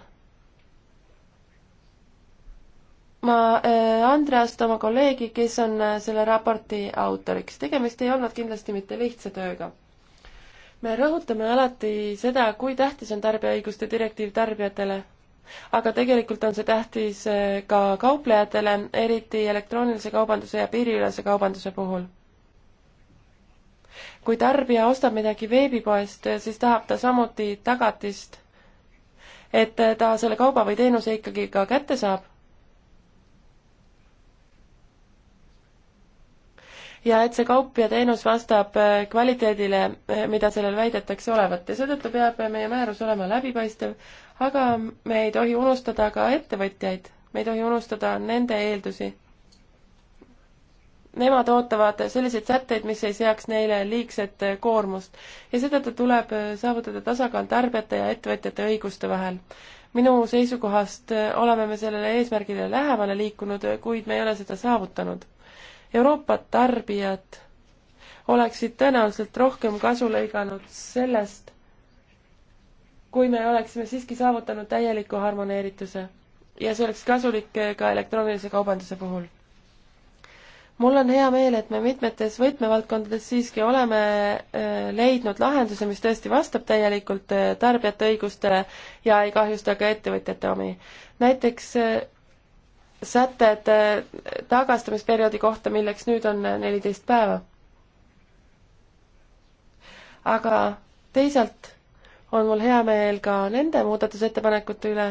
ma äh, Andreast, oma kolleegi, kes on äh, selle raporti autoriks. tegemist ei olnud kindlasti mitte lihtsa tööga. me rõhutame alati seda, kui tähtis on tarbijaõiguste direktiiv tarbijatele aga tegelikult on see tähtis eh, ka kauplejatele, eriti elektroonilise kaubanduse ja piiriülese kaubanduse puhul. kui tarbija ostab midagi veebipoest, eh, siis tahab ta samuti tagatist, et eh, ta selle kauba või teenuse ikkagi ka kätte saab ja et see kaup ja teenus vastab äh, kvaliteedile, äh, mida sellel väidetakse olevat ja seetõttu peab äh, meie määrus olema läbipaistev, aga me ei tohi unustada ka ettevõtjaid, me ei tohi unustada nende eeldusi. Nemad ootavad selliseid sätteid, mis ei seaks neile liigset koormust ja seetõttu tuleb saavutada tasakaal tarbijate ja ettevõtjate õiguste vahel minu seisukohast oleme me sellele eesmärgile lähemale liikunud, kuid me ei ole seda saavutanud. Euroopa tarbijad oleksid tõenäoliselt rohkem kasu lõiganud sellest, kui me oleksime siiski saavutanud täieliku harmoneerituse ja see oleks kasulik ka elektroonilise kaubanduse puhul. mul on hea meel, et me mitmetes võtmevaldkondades siiski oleme äh, leidnud lahenduse, mis tõesti vastab täielikult äh, tarbijate õigustele ja ei kahjusta ka ettevõtjate omi. näiteks äh, sätted eh, tagastamisperioodi kohta, milleks nüüd on eh, neliteist päeva. aga teisalt on mul hea meel ka nende muudatusettepanekute üle,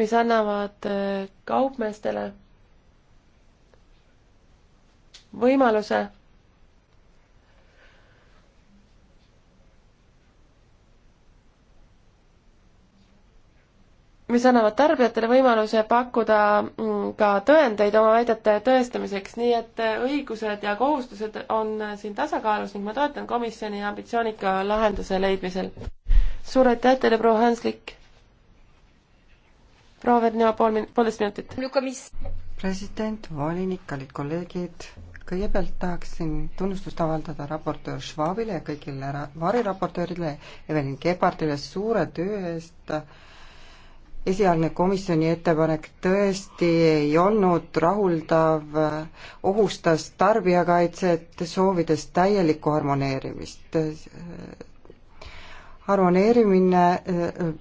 mis annavad eh, kaupmeestele võimaluse mis annavad tarbijatele võimaluse pakkuda mm, ka tõendeid oma väidete tõestamiseks, nii et äh, õigused ja kohustused on äh, siin tasakaalus ning ma toetan komisjoni ambitsioonika lahenduse leidmisel. suur aitäh teile, proua Hanslik! proua Vernio, pool min-, poolteist minutit. president, volinik, kallid kolleegid, kõigepealt tahaksin tunnustust avaldada raportöör Schwabile ja kõigile ra-, variraportööridele, Evelyn Gebhardile suure töö eest äh, esialgne komisjoni ettepanek tõesti ei olnud rahuldav, ohustas tarbijakaitset, soovides täielikku harmoneerimist harmoneerimine äh,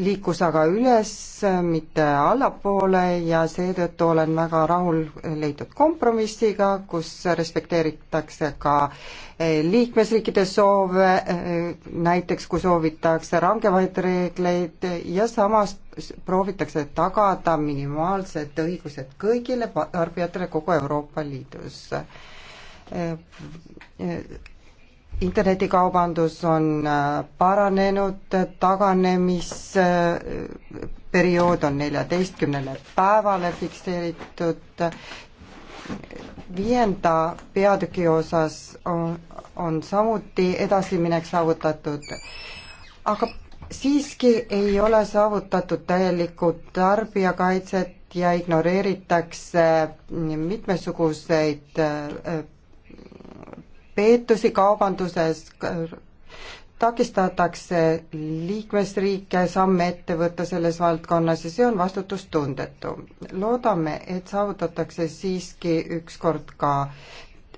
liikus aga üles, mitte allapoole ja seetõttu olen väga rahul leitud kompromissiga, kus respekteeritakse ka äh, liikmesriikide soove, äh, näiteks kui soovitakse rangemaid reegleid ja samas proovitakse tagada minimaalsed õigused kõigile tarbijatele kogu Euroopa Liidus internetikaubandus on äh, paranenud, äh, taganemisperiood on neljateistkümnele päevale fikseeritud, viienda peatüki osas on, on samuti edasiminek saavutatud, aga siiski ei ole saavutatud täielikku tarbijakaitset ja ignoreeritakse mitmesuguseid äh, peetusi kaubanduses, takistatakse liikmesriike samme ette võtta selles valdkonnas ja see on vastutustundetu. loodame, et saavutatakse siiski ükskord ka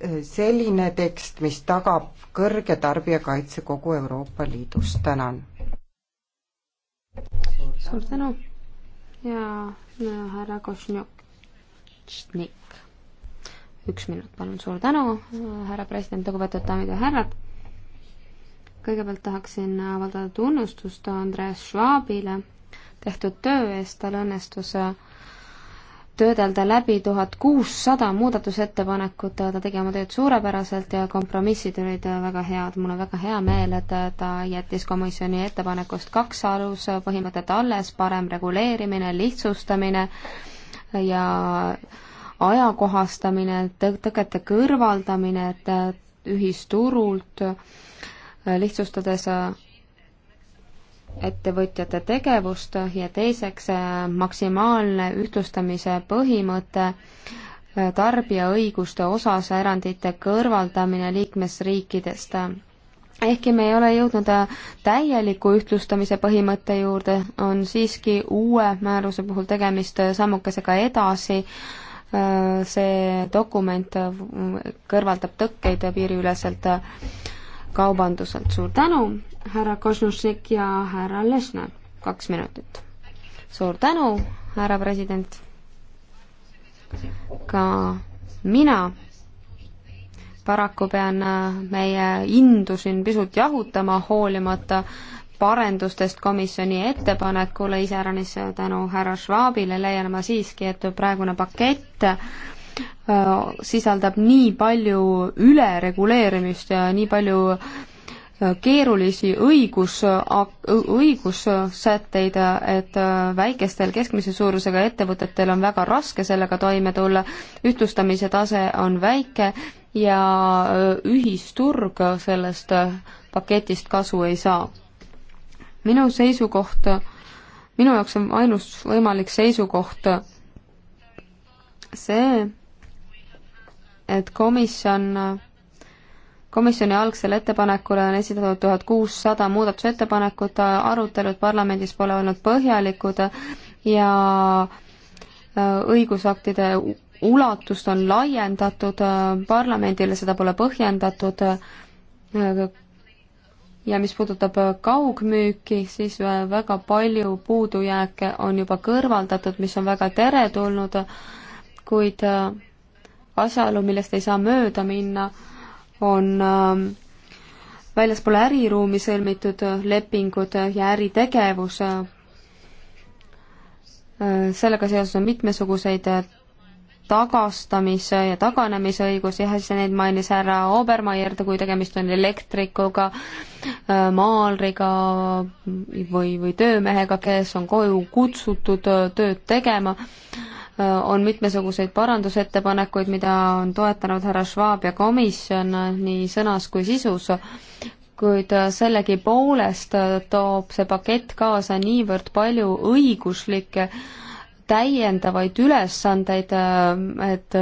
eh, selline tekst, mis tagab kõrge tarbijakaitse kogu Euroopa Liidus. tänan. suur tänu ja härra Košnjuk. Tšnik üks minut, palun, suur tänu, härra president, lugupeetud daamid ja härrad. kõigepealt tahaksin avaldada tunnustust Andres Schwabile tehtud töö eest, tal õnnestus töödelda läbi tuhat kuussada muudatusettepanekut, ta tegi oma tööd suurepäraselt ja kompromissid olid väga head, mul on väga hea meel, et ta jättis komisjoni ettepanekust kaks aluspõhimõtet alles, parem reguleerimine, lihtsustamine ja äh, ajakohastamine, tõkete kõrvaldamine äh, ühisturult, äh, lihtsustades äh, ettevõtjate tegevust ja teiseks maksimaalne ühtlustamise põhimõte, tarbija õiguste osas erandite kõrvaldamine liikmesriikidest. ehkki me ei ole jõudnud täieliku ühtlustamise põhimõtte juurde, on siiski uue määruse puhul tegemist sammukesega edasi Äh, see dokument äh, kõrvaldab tõkkeid piiriüleselt äh, kaubanduselt. suur tänu, härra Košnušnik ja härra Lesna, kaks minutit. suur tänu, härra president. ka mina paraku pean meie indu siin pisut jahutama, hoolimata parendustest komisjoni ettepanekule, iseäranis tänu härra Schwabile leian ma siiski, et praegune pakett sisaldab nii palju ülereguleerimist ja nii palju keerulisi õigus, õigussätteid, et väikestel keskmise suurusega ettevõtetel on väga raske sellega toime tulla, ühtlustamise tase on väike ja ühisturg sellest paketist kasu ei saa minu seisukoht, minu jaoks on ainus võimalik seisukoht see, et komisjon, komisjoni algsele ettepanekule on esitatud tuhat kuussada muudatusettepanekut, arutelud parlamendis pole olnud põhjalikud ja äh, õigusaktide ulatust on laiendatud, äh, parlamendile seda pole põhjendatud, äh, ja mis puudutab äh, kaugmüüki, siis äh, väga palju puudujääke on juba kõrvaldatud, mis on väga teretulnud, kuid äh, asjaolu, millest ei saa mööda minna, on väljaspool äriruumi sõlmitud lepingud ja äritegevus. sellega seoses on mitmesuguseid tagastamise ja taganemise õigus, jah, siis neid mainis härra Obermeier, kui tegemist on elektrikuga, äh, maalriga või, või töömehega, kes on koju kutsutud äh, tööd tegema, äh, on mitmesuguseid parandusettepanekuid, mida on toetanud härra Schwab ja komisjon nii sõnas kui sisus, kuid sellegipoolest toob see pakett kaasa niivõrd palju õiguslikke äh, täiendavaid ülesandeid, et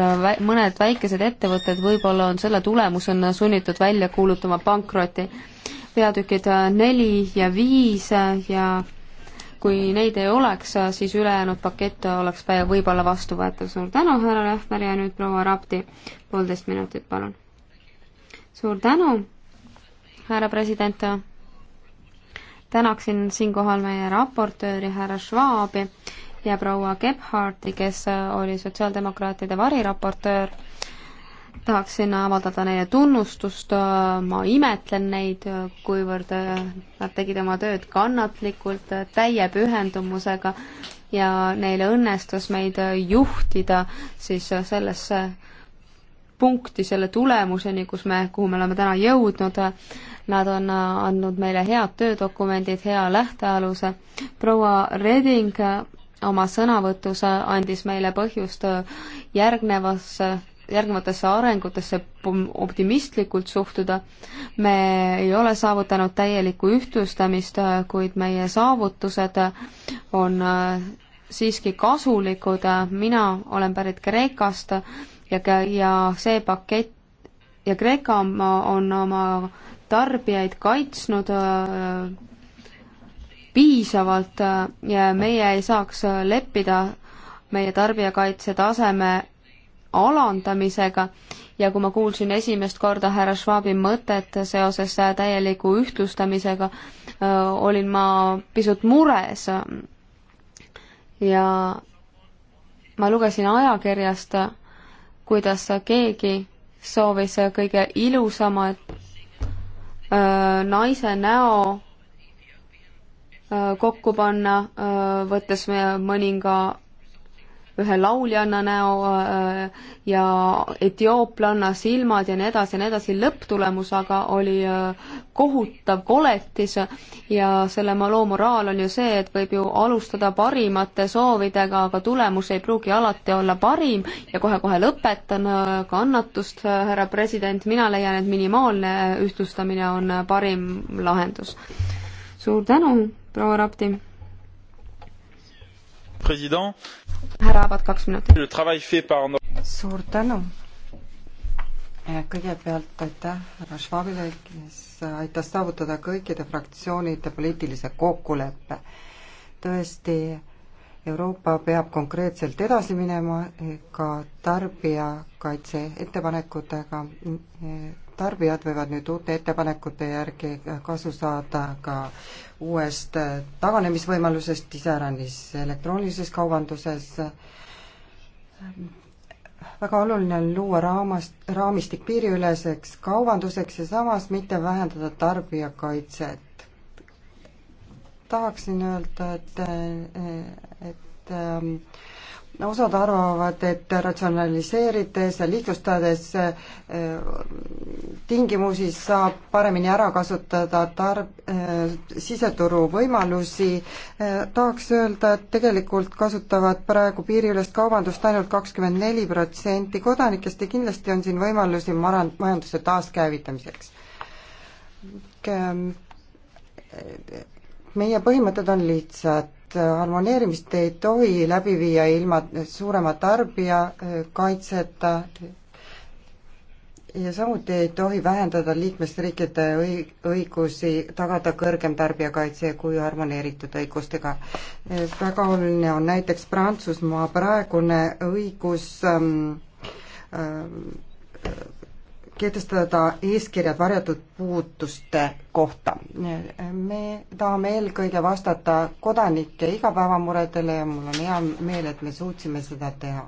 mõned väikesed ettevõtted võib-olla on selle tulemusena sunnitud välja kuulutama pankroti. peatükid neli ja viis ja kui neid ei oleks, siis ülejäänud pakett oleks võib-olla vastuvõetav. suur tänu, härra Lähmer ja nüüd proua Rapti, poolteist minutit, palun. suur tänu, härra president. tänaksin siinkohal meie raportööri, härra Schwabi ja proua Gebhardi, kes oli sotsiaaldemokraatide variraportöör. tahaksin avaldada neile tunnustust, ma imetlen neid, kuivõrd nad tegid oma tööd kannatlikult, täie pühendumusega ja neile õnnestus meid juhtida siis sellesse punkti selle tulemuseni, kus me, kuhu me oleme täna jõudnud. Nad on andnud meile head töödokumendid, hea lähtealuse. proua Reding oma sõnavõtus andis meile põhjust järgnevasse, järgnevatesse arengutesse optimistlikult suhtuda. me ei ole saavutanud täielikku ühtlustamist, kuid meie saavutused on siiski kasulikud, mina olen pärit Kreekast ja, ja see pakett ja Kreeka on oma tarbijaid kaitsnud piisavalt äh, ja meie ei saaks äh, leppida meie tarbijakaitse taseme alandamisega ja kui ma kuulsin esimest korda härra Schwabi mõtet seoses äh, täieliku ühtlustamisega, olin ma pisut mures. ja ma lugesin ajakirjast, kuidas keegi soovis kõige ilusama naise näo Äh, kokku panna, äh, võttes mõninga ühe lauljanna näo äh, ja etiooplanna silmad ja nii edasi ja nii edasi, lõpptulemus aga oli kohutav koletis ja selle loo moraal on ju see, et võib ju alustada parimate soovidega, aga tulemus ei pruugi alati olla parim ja kohe-kohe lõpetan kannatust, härra president, mina leian, et minimaalne ühtlustamine on parim lahendus. suur tänu! proua Rapti. härra Abat, kaks minutit. suur tänu. kõigepealt aitäh härra Schwabile, kes aitas saavutada kõikide fraktsioonide poliitilise kokkuleppe. tõesti Euroopa peab konkreetselt edasi minema ka tarbijakaitse ettepanekutega tarbijad võivad nüüd uute ettepanekute järgi kasu saada ka uuest taganemisvõimalusest iseäranis elektroonilises kaubanduses. väga oluline on luua raamast, raamistik piiriüleseks kaubanduseks ja samas mitte vähendada tarbijakaitset. tahaksin öelda, et, et, et osad arvavad, et ratsionaliseerides ja lihtsustades eh, tingimusi saab paremini ära kasutada tarb-, eh, siseturu võimalusi. Eh, tahaks öelda, et tegelikult kasutavad praegu piiriülest kaubandust ainult kakskümmend neli protsenti kodanikest ja kindlasti on siin võimalusi mara-, majanduse taaskäivitamiseks. meie põhimõtted on lihtsad Äh, harmoneerimist ei tohi läbi viia ilma suurema tarbijakaitseta ja samuti ei tohi vähendada liikmesriikide õi-, õigusi tagada kõrgem tarbijakaitse kui harmoneeritud õigustega. Äh, väga oluline on näiteks Prantsusmaa praegune õigus ähm, ähm, kehtestada eeskirjad varjatud puutuste kohta. me tahame eelkõige vastata kodanike igapäevamuredele ja mul on hea meel, et me suutsime seda teha.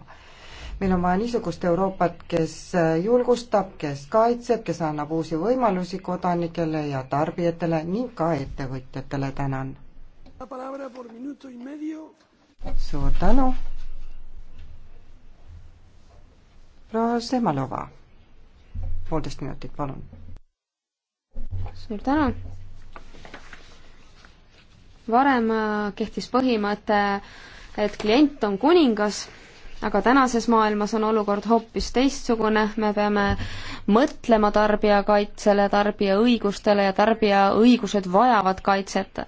meil on vaja niisugust Euroopat, kes julgustab, kes kaitseb, kes annab uusi võimalusi kodanikele ja tarbijatele ning ka ettevõtjatele, tänan. suur tänu. proua Semalova poolteist minutit, palun. suur tänu. varem äh, kehtis põhimõte, et klient on kuningas, aga tänases maailmas on olukord hoopis teistsugune, me peame mõtlema tarbijakaitsele, tarbija õigustele ja tarbija õigused vajavad kaitset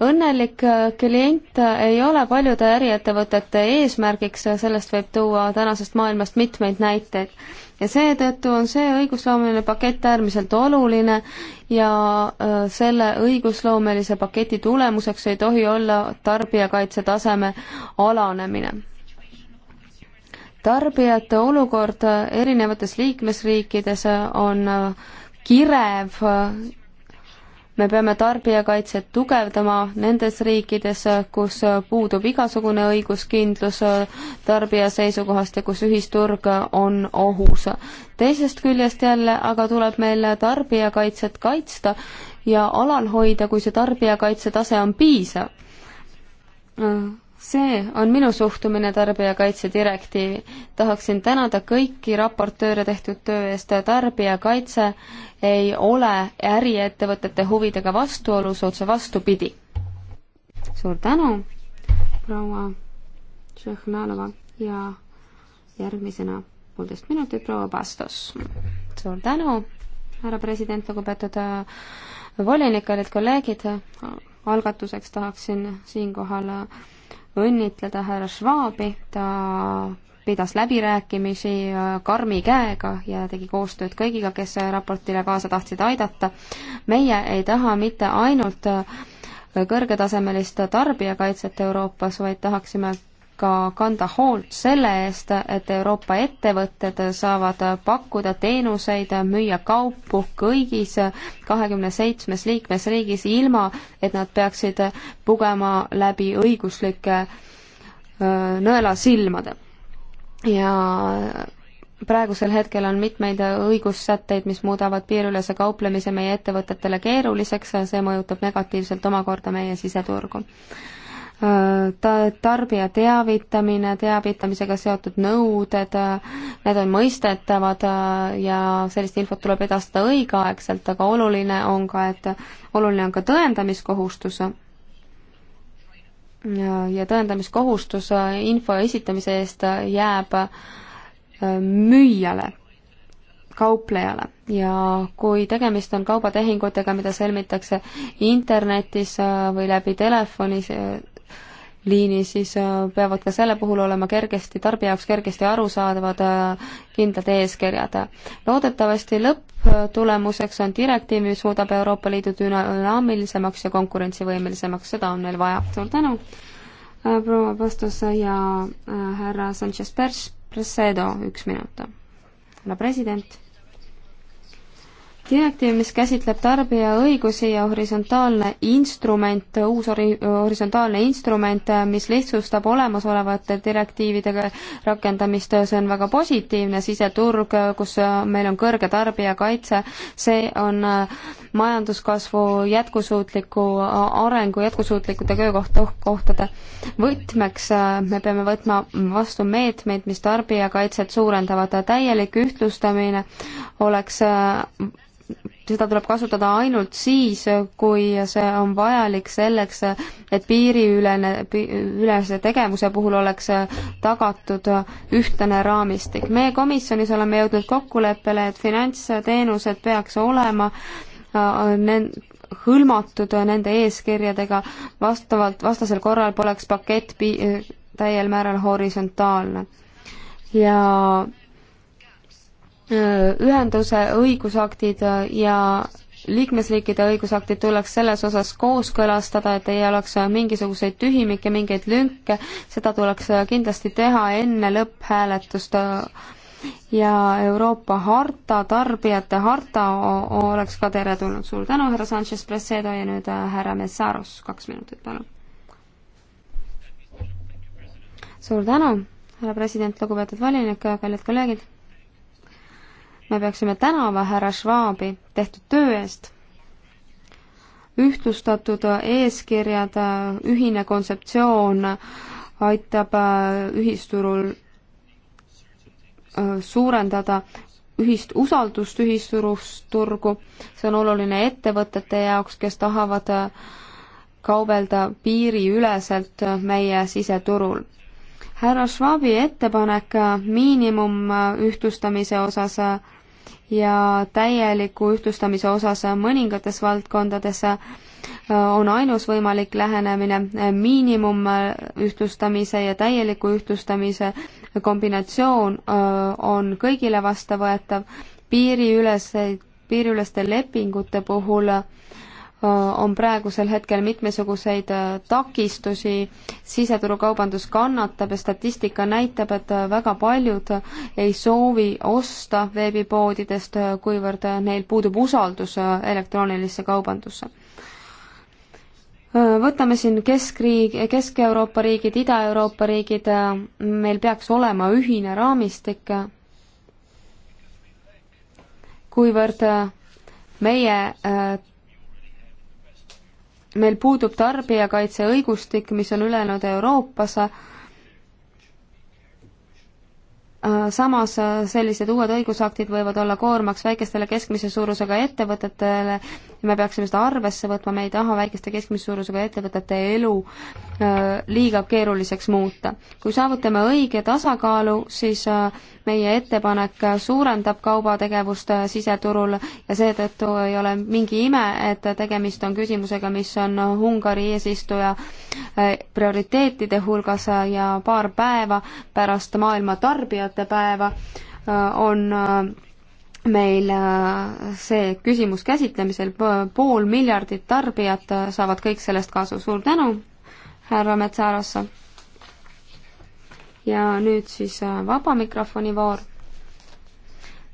õnnelik äh, klient äh, ei ole paljude äriettevõtete eesmärgiks, äh, sellest võib tuua tänasest maailmast mitmeid näiteid. ja seetõttu on see õigusloomeline pakett äärmiselt oluline ja selle õigusloomelise paketi tulemuseks ei tohi olla tarbijakaitse taseme alanemine tarbijate olukord erinevates liikmesriikides on kirev me peame tarbijakaitset tugevdama nendes riikides, kus puudub igasugune õiguskindlus tarbija seisukohast ja kus ühisturg on ohus. teisest küljest jälle aga tuleb meil tarbijakaitset kaitsta ja alal hoida, kui see tarbijakaitse tase on piisav see on minu suhtumine tarbijakaitse direktiivi. tahaksin tänada kõiki raportööre tehtud töö eest, tarbijakaitse ei ole äriettevõtete huvidega vastuolus, otse vastupidi. suur tänu, proua Tšehhnalova ja järgmisena poolteist minutit, proua Pastos. suur tänu, härra president, lugupeetud äh, volinik, kallid kolleegid, algatuseks tahaksin siinkohal äh, õnnitleda härra Schwabi, ta pidas läbirääkimisi äh, karmi käega ja tegi koostööd kõigiga, kes raportile kaasa tahtsid aidata. meie ei taha mitte ainult äh, kõrgetasemelist tarbijakaitset Euroopas, vaid tahaksime ka kanda hoolt selle eest, et Euroopa ettevõtted saavad pakkuda teenuseid, müüa kaupu kõigis kahekümne seitsmes liikmesriigis, ilma et nad peaksid pugema läbi õiguslike nõelasilmade. ja praegusel hetkel on mitmeid õigussätteid, mis muudavad piiriülese kauplemise meie ettevõtetele keeruliseks, see mõjutab negatiivselt omakorda meie siseturgu ta-, tarbija teavitamine, teavitamisega seotud nõuded, need on mõistetavad ja sellist infot tuleb edastada õigeaegselt, aga oluline on ka, et oluline on ka tõendamiskohustus. ja tõendamiskohustus info esitamise eest jääb äh, müüjale kauplejale ja kui tegemist on kaubatehingutega, mida sõlmitakse internetis äh, või läbi telefoni, liini, siis äh, peavad ka selle puhul olema kergesti, tarbija jaoks kergesti arusaadavad äh, kindlad eeskirjad. loodetavasti lõpptulemuseks on direktiiv, mis muudab Euroopa Liidu dünaamilisemaks ja konkurentsivõimelisemaks, seda on meil vaja. suur tänu, äh, proua Pastus ja härra Sanchez-Persedo, üks minut. härra president direktiiv, mis käsitleb tarbija õigusi ja horisontaalne instrument, uus ori-, horisontaalne instrument, mis lihtsustab olemasolevate direktiividega rakendamist, see on väga positiivne, siseturg, kus meil on kõrge tarbijakaitse, see on majanduskasvu jätkusuutliku arengu, jätkusuutlikute töökohtade võtmeks, me peame võtma vastu meetmeid, mis tarbijakaitset suurendavad, täielik ühtlustamine oleks seda tuleb kasutada ainult siis, kui see on vajalik selleks, et piiriülene, ülese tegevuse puhul oleks tagatud ühtlane raamistik. meie komisjonis oleme jõudnud kokkuleppele, et finantsteenused peaks olema äh, hõlmatud nende eeskirjadega, vastavalt, vastasel korral poleks pakett pi-, täiel määral horisontaalne. ja Äh, ühenduse õigusaktid äh, ja liikmesriikide õigusaktid tuleks selles osas kooskõlastada, et ei oleks äh, mingisuguseid tühimikke, mingeid lünke, seda tuleks kindlasti teha enne lõpphääletust ja Euroopa harta, tarbijate harta oleks ka teretulnud. suur tänu, härra Sanchez Presedo ja nüüd härra Messaros, kaks minutit, palun. suur tänu, härra president, lugupeetud valinik, kallid kolleegid me peaksime tänama härra Schwabi tehtud töö eest. ühtlustatud eeskirjad, ühine kontseptsioon aitab äh, ühisturul äh, suurendada ühist usaldust ühisturusturgu, see on oluline ettevõtete jaoks, kes tahavad äh, kaubelda piiriüleselt meie siseturul. härra Schwabi ettepanek miinimum ühtlustamise osas ja täieliku ühtlustamise osas mõningates valdkondades äh, on ainus võimalik lähenemine äh, miinimum äh, ühtlustamise ja täieliku ühtlustamise kombinatsioon on kõigile vastuvõetav piiriüleseid, piiriüleste lepingute puhul Äh, on praegusel hetkel mitmesuguseid äh, takistusi, siseturukaubandus kannatab ja statistika näitab, et äh, väga paljud ei soovi osta veebipoodidest, kuivõrd neil puudub usaldus elektroonilisse kaubandusse. Võtame siin keskriig, Kesk-Euroopa riigid, Ida-Euroopa riigid, meil peaks olema ühine raamistik, kuivõrd meie meil puudub tarbijakaitse õigustik, mis on ülejäänud Euroopas Äh, samas äh, sellised uued õigusaktid võivad olla koormaks väikestele keskmise suurusega ettevõtetele ja me peaksime seda arvesse võtma, me ei taha väikeste keskmise suurusega ettevõtete elu äh, liiga keeruliseks muuta. kui saavutame õige tasakaalu, siis meie ettepanek suurendab kaubategevust siseturul ja seetõttu ei ole mingi ime, et tegemist on küsimusega, mis on Ungari eesistuja prioriteetide hulgas ja paar päeva pärast maailma tarbijat vanemate päeva äh, on äh, meil äh, see küsimus käsitlemisel, pool miljardit tarbijat saavad kõik sellest kasu, suur tänu, härra Metsarossa. ja nüüd siis vaba mikrofoni voor.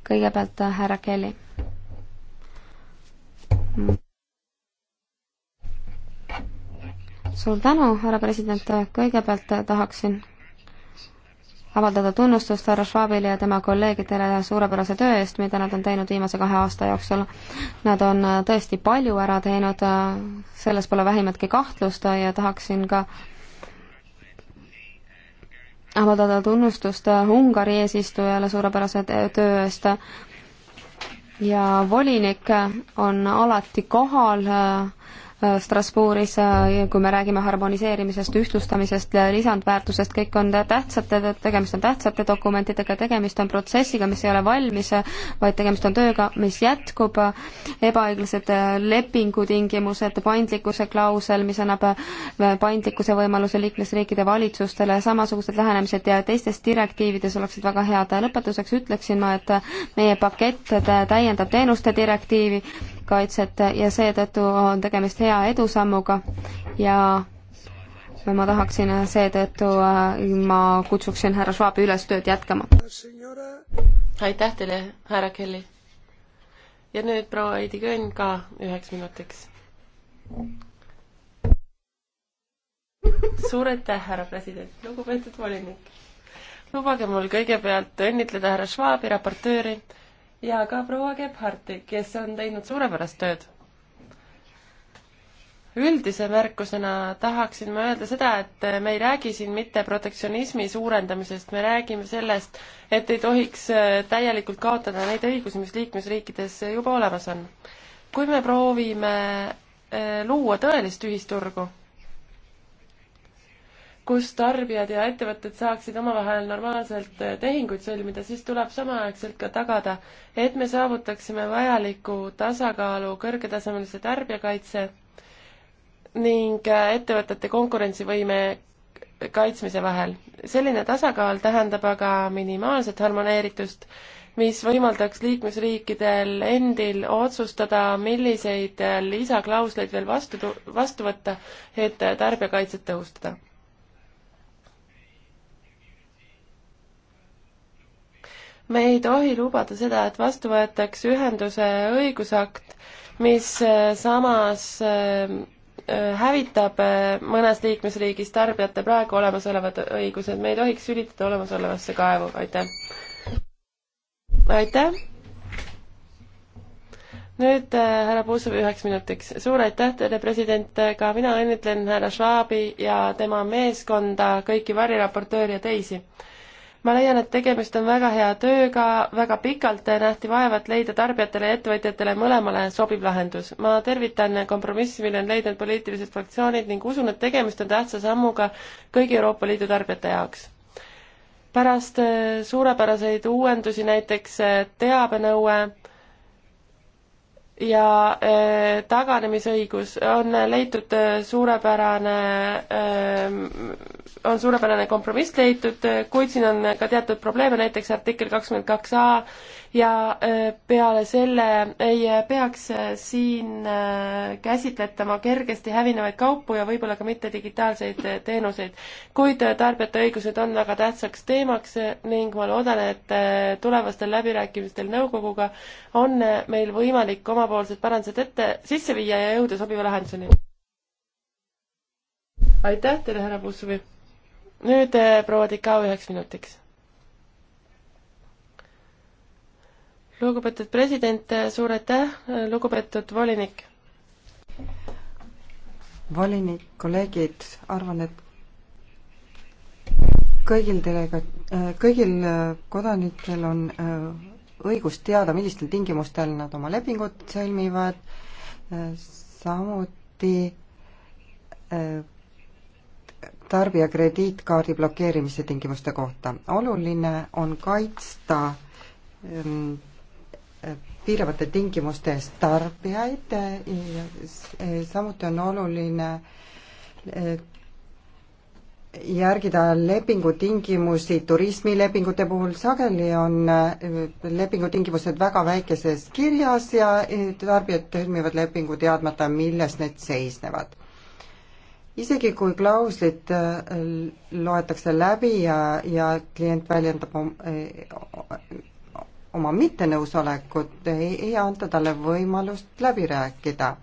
kõigepealt härra Kelly. suur tänu, härra president, kõigepealt tahaksin avaldada tunnustust härra Schwabile ja tema kolleegidele suurepärase töö eest, mida nad on teinud viimase kahe aasta jooksul. Nad on äh, tõesti palju ära teinud, äh, selles pole vähimatki kahtlust äh, ja tahaksin ka avaldada tunnustust Ungari eesistujale suurepärase töö eest ja volinik on alati kohal äh, Äh, Strasbourgis, äh, kui me räägime harmoniseerimisest, ühtlustamisest, äh, lisandväärtusest, kõik on tähtsad, tegemist on tähtsate dokumentidega, tegemist on protsessiga, mis ei ole valmis, vaid tegemist on tööga, mis jätkub, ebaõiglased lepingutingimused, paindlikkuse klausel, mis annab paindlikkuse võimaluse liikmesriikide valitsustele, samasugused lähenemised ja teistes direktiivides oleksid väga head. lõpetuseks ütleksin ma, et meie pakett täiendab teenuste direktiivi, kaitset ja seetõttu on tegemist hea edusammuga ja ma tahaksin seetõttu, äh, ma kutsuksin härra Schwabi üles tööd jätkama. aitäh teile, härra Kelly. ja nüüd proua Heidi Kõnn ka üheks minutiks. suur aitäh, härra president, lugupeetud volinik. lubage mul kõigepealt õnnitleda härra Schwabi, raportööri ja ka proua Gebharti, kes on teinud suurepärast tööd. üldise märkusena tahaksin ma öelda seda, et me ei räägi siin mitte protektsionismi suurendamisest, me räägime sellest, et ei tohiks äh, täielikult kaotada neid õigusi, mis liikmesriikides juba olemas on. kui me proovime äh, luua tõelist ühisturgu kus tarbijad ja ettevõtted saaksid omavahel normaalselt äh, tehinguid sõlmida, siis tuleb samaaegselt ka tagada, et me saavutaksime vajaliku tasakaalu kõrgetasemelise tarbijakaitse ning äh, ettevõtete konkurentsivõime kaitsmise vahel. selline tasakaal tähendab aga minimaalset harmoneeritust, mis võimaldaks liikmesriikidel endil otsustada, milliseid äh, lisaklausleid veel vastu, vastu võtta, et tarbijakaitset tõhustada me ei tohi lubada seda, et vastu võetakse ühenduse õigusakt, mis äh, samas äh, äh, hävitab mõnes liikmesriigis tarbijate praegu olemasolevad õigused, me ei tohiks sülitada olemasolevasse kaevu, aitäh. aitäh. nüüd härra Puusov üheks minutiks. suur aitäh teile, president, ka mina õnnitlen härra Schwabi ja tema meeskonda, kõiki variraportööre ja teisi ma leian, et tegemist on väga hea tööga, väga pikalt nähti vaeva, et leida tarbijatele ja ettevõtjatele mõlemale sobiv lahendus. ma tervitan kompromissi, mille on leidnud poliitilised fraktsioonid ning usun, et tegemist on tähtsa sammuga kõigi Euroopa Liidu tarbijate jaoks. pärast suurepäraseid uuendusi, näiteks teabenõue, ja äh, taganemisõigus on leitud äh, suurepärane, äh, on suurepärane kompromiss leitud, kuid siin on ka teatud probleeme, näiteks artikkel kakskümmend kaks A ja äh, peale selle ei äh, peaks äh, siin käsitletama kergesti hävinevaid kaupu ja võib-olla ka mitte digitaalseid teenuseid. kuid tarbijate õigused on väga tähtsaks teemaks ning ma loodan, et tulevastel läbirääkimistel nõukoguga on meil võimalik omapoolsed parandused ette sisse viia ja jõuda sobiva lahenduseni. aitäh teile, härra Pussuvi! nüüd proua Tikao üheks minutiks lugupeetud president, suur aitäh, lugupeetud volinik! volinik, kolleegid, arvan, et kõigil delega-, kõigil kodanikel on äh, õigus teada, millistel tingimustel nad oma lepingut sõlmivad, äh, samuti äh, tarbija krediitkaardi blokeerimise tingimuste kohta. oluline on kaitsta ähm, piiravate tingimuste eest tarbijaid, samuti on oluline eh, järgida lepingutingimusi turismilepingute puhul, sageli on eh, lepingutingimused väga väikeses kirjas ja eh, tarbijad sõlmivad lepingu teadmata, milles need seisnevad. isegi kui klauslid loetakse läbi ja, ja klient väljendab oma mittenõusolekut, ei, ei anta talle võimalust läbi rääkida.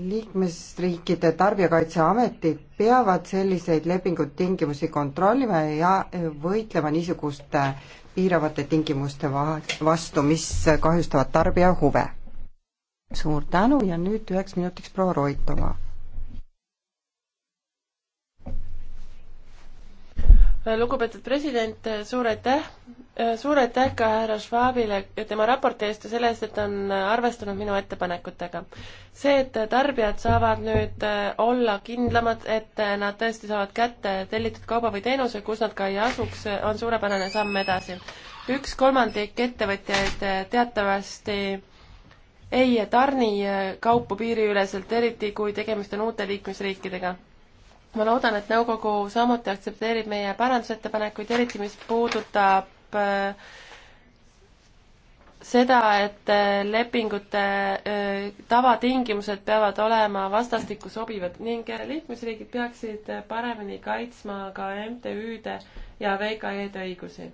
liikmesriikide tarbijakaitseametid peavad selliseid lepinguid, tingimusi kontrollima ja võitlema niisuguste piiravate tingimuste vastu, mis kahjustavad tarbija huve. suur tänu ja nüüd üheks minutiks proua Roitova lugupeetud president, suur aitäh, suur aitäh ka härra Schwabile tema raporti eest ja selle eest, et on arvestanud minu ettepanekutega. see, et tarbijad saavad nüüd äh, olla kindlamad, et äh, nad tõesti saavad kätte tellitud kauba või teenuse, kus nad ka ei asuks, on suurepärane samm edasi. üks kolmandik ettevõtjaid äh, teatavasti ei tarni kaupu piiriüleselt, eriti kui tegemist on uute liikmesriikidega ma loodan, et nõukogu samuti aktsepteerib meie parandusettepanekuid, eriti mis puudutab äh, seda, et äh, lepingute äh, tavatingimused peavad olema vastastikku sobivad ning liikmesriigid peaksid paremini kaitsma ka MTÜ-de ja VKE-de õigusi.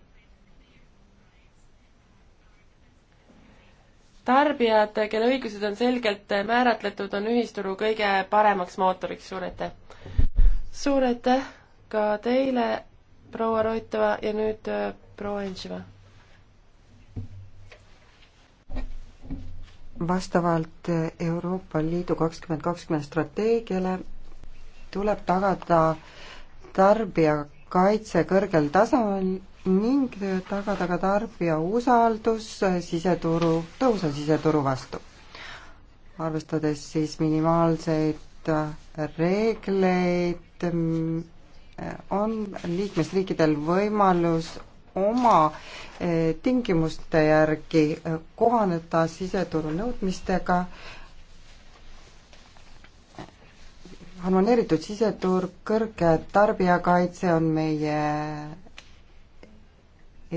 tarbijad, kelle õigused on selgelt määratletud, on ühisturu kõige paremaks mootoriks, suur aitäh! suur aitäh ka teile, proua Roitova ja nüüd äh, proua Enšiva. vastavalt äh, Euroopa Liidu kakskümmend kakskümmend strateegiale tuleb tagada tarbijakaitse kõrgel tasemel ning äh, tagada ka tarbija usaldus siseturu, tõhusa siseturu vastu. arvestades siis minimaalseid kohta äh, reegleid, mm, äh, on liikmesriikidel võimalus oma äh, tingimuste järgi kohaneda siseturu nõudmistega. harmoneeritud siseturg, kõrge tarbijakaitse on meie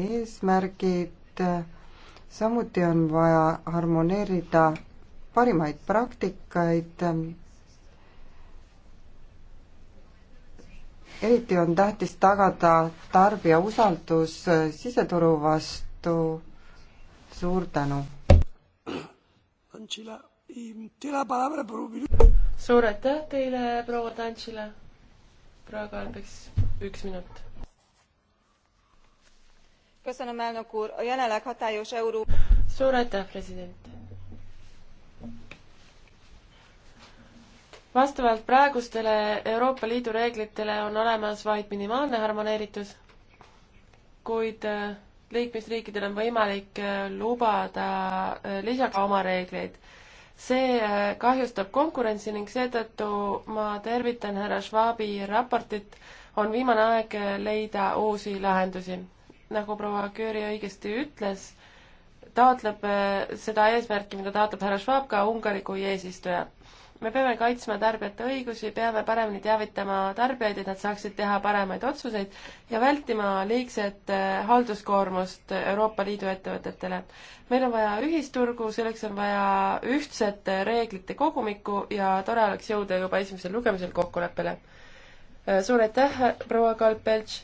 eesmärgid, samuti on vaja harmoneerida parimaid praktikaid eriti on tähtis tagada tarbija usaldus äh, siseturu vastu. suur tänu. Ehm, suur aitäh teile, proua Tantsile. praegu andeks üks minut. suur aitäh, president vastavalt praegustele Euroopa Liidu reeglitele on olemas vaid minimaalne harmoneeritus, kuid äh, liikmesriikidel on võimalik äh, lubada äh, lisaks oma reegleid. see kahjustab konkurentsi ning seetõttu ma tervitan härra Schwabi raportit, on viimane aeg leida uusi lahendusi. nagu proua Kööri õigesti ütles, taotleb seda eesmärki, mida taotleb härra Schwab ka Ungari kui eesistuja me peame kaitsma tarbijate õigusi, peame paremini teavitama tarbijaid, et nad saaksid teha paremaid otsuseid ja vältima liigset eh, halduskoormust Euroopa Liidu ettevõtetele. meil on vaja ühisturgu, selleks on vaja ühtset eh, reeglite kogumikku ja tore oleks jõuda juba esimesel lugemisel kokkuleppele. Eh, suur aitäh, proua Kalpelts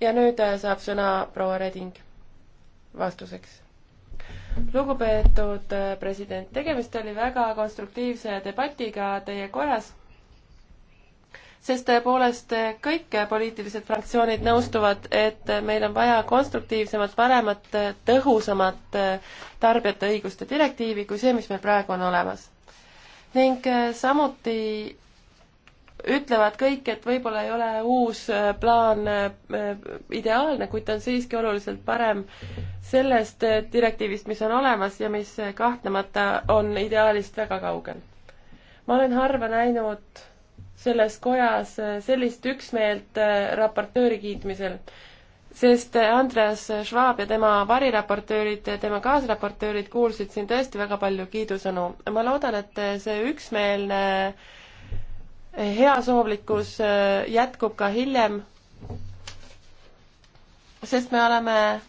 ja nüüd saab sõna proua Reding vastuseks lugupeetud äh, president, tegemist oli väga konstruktiivse debatiga teie kojas, sest tõepoolest äh, kõik poliitilised fraktsioonid nõustuvad, et äh, meil on vaja konstruktiivsemat, paremat, tõhusamat tarbijate õiguste direktiivi kui see, mis meil praegu on olemas. ning samuti ütlevad kõik, et võib-olla ei ole uus äh, plaan äh, äh, ideaalne, kuid ta on siiski oluliselt parem sellest direktiivist, mis on olemas ja mis kahtlemata on ideaalist väga kaugel. ma olen harva näinud selles kojas sellist üksmeelt raportööri kiitmisel, sest Andreas Schwab ja tema variraportöörid, tema kaasraportöörid kuulsid siin tõesti väga palju kiidusõnu. ma loodan, et see üksmeelne äh, heasoovlikkus äh, jätkub ka hiljem, sest me oleme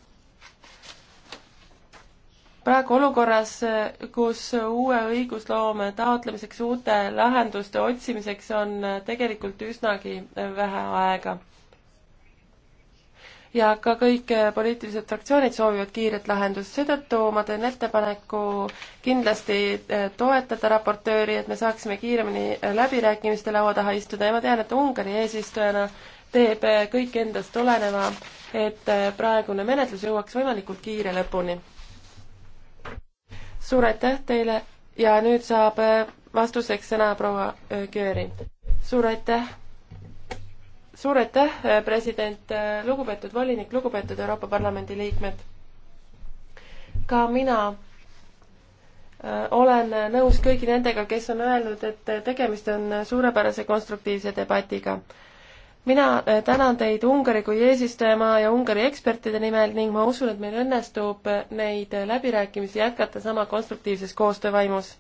praegu olukorras, kus uue õigusloome taotlemiseks, uute lahenduste otsimiseks on tegelikult üsnagi vähe aega ja ka kõik äh, poliitilised fraktsioonid soovivad kiiret lahendust, seetõttu ma teen ettepaneku kindlasti äh, toetada raportööri, et me saaksime kiiremini äh, läbirääkimiste laua taha istuda ja ma tean, et Ungari eesistujana teeb kõik endast oleneva, et praegune menetlus jõuaks võimalikult kiire lõpuni. suur aitäh teile ja nüüd saab vastuseks sõna proua Kööri. suur aitäh suur aitäh, äh, president, äh, lugupeetud volinik, lugupeetud Euroopa Parlamendi liikmed. ka mina äh, olen nõus kõigi nendega, kes on öelnud, et tegemist on suurepärase konstruktiivse debatiga. mina tänan teid Ungari kui eesistujamaa ja Ungari ekspertide nimel ning ma usun, et meil õnnestub neid läbirääkimisi jätkata sama konstruktiivses koostöövaimus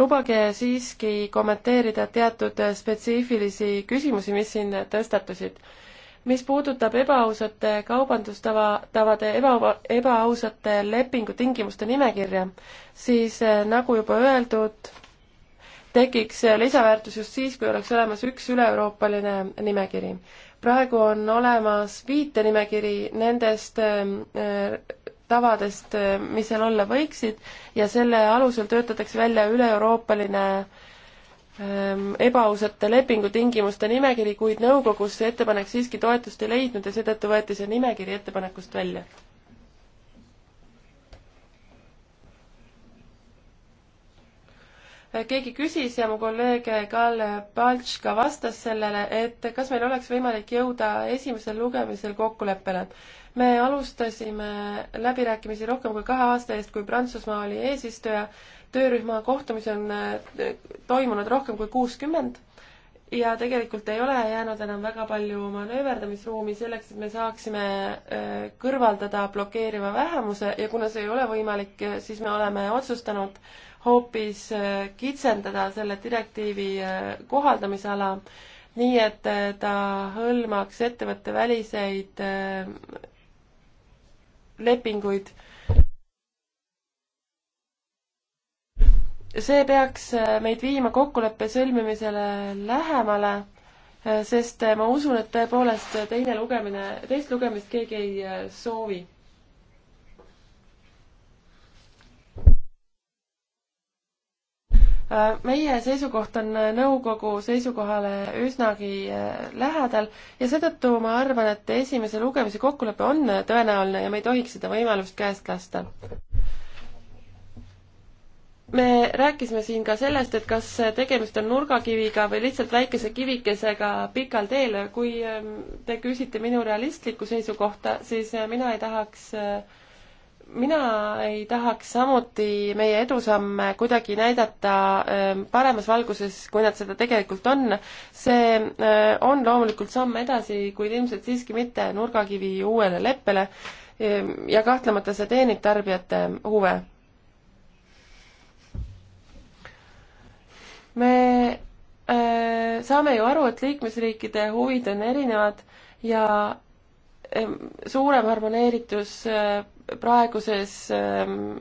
lubage siiski kommenteerida teatud spetsiifilisi küsimusi, mis siin tõstatusid. mis puudutab ebaausate kaubandustava, tavade eba, ebaausate lepingutingimuste nimekirja, siis eh, nagu juba öeldud, tekiks lisaväärtus just siis, kui oleks olemas üks üle-euroopaline nimekiri. praegu on olemas viitenimekiri nendest eh, eh, tavadest, äh, mis seal olla võiksid ja selle alusel töötatakse välja üle-euroopaline ähm, ebaausate lepingutingimuste nimekiri, kuid nõukogus see ettepanek siiski toetust ei leidnud ja seetõttu võeti see nimekiri ettepanekust välja. Äh, keegi küsis ja mu kolleeg Karl Palts ka vastas sellele, et kas meil oleks võimalik jõuda esimesel lugemisel kokkuleppele me alustasime läbirääkimisi rohkem kui kahe aasta eest, kui Prantsusmaa oli eesistuja. töörühma kohtumisi on eh, toimunud rohkem kui kuuskümmend ja tegelikult ei ole jäänud enam väga palju manööverdamisruumi selleks, et me saaksime eh, kõrvaldada blokeeriva vähemuse ja kuna see ei ole võimalik, eh, siis me oleme otsustanud hoopis kitsendada selle direktiivi kohaldamisala nii, et ta hõlmaks ettevõtte väliseid lepinguid. see peaks äh, meid viima kokkuleppe sõlmimisele lähemale, äh, sest äh, ma usun, et tõepoolest teine lugemine, teist lugemist keegi ei soovi meie seisukoht on nõukogu seisukohale üsnagi äh, lähedal ja seetõttu ma arvan, et esimese lugemise kokkulepe on tõenäoline ja me ei tohiks seda võimalust käest lasta. me rääkisime siin ka sellest, et kas tegemist on nurgakiviga või lihtsalt väikese kivikesega pikal teel. kui ähm, te küsite minu realistlikku seisukohta, siis äh, mina ei tahaks äh, mina ei tahaks samuti meie edusamme kuidagi näidata ähm, paremas valguses, kui nad seda tegelikult on. see äh, on loomulikult samm edasi, kuid ilmselt siiski mitte nurgakivi uuele leppele ähm, ja kahtlemata see teenib tarbijate huve. me äh, saame ju aru, et liikmesriikide huvid on erinevad ja ähm, suurem harmoneeritus äh, praeguses, ähm,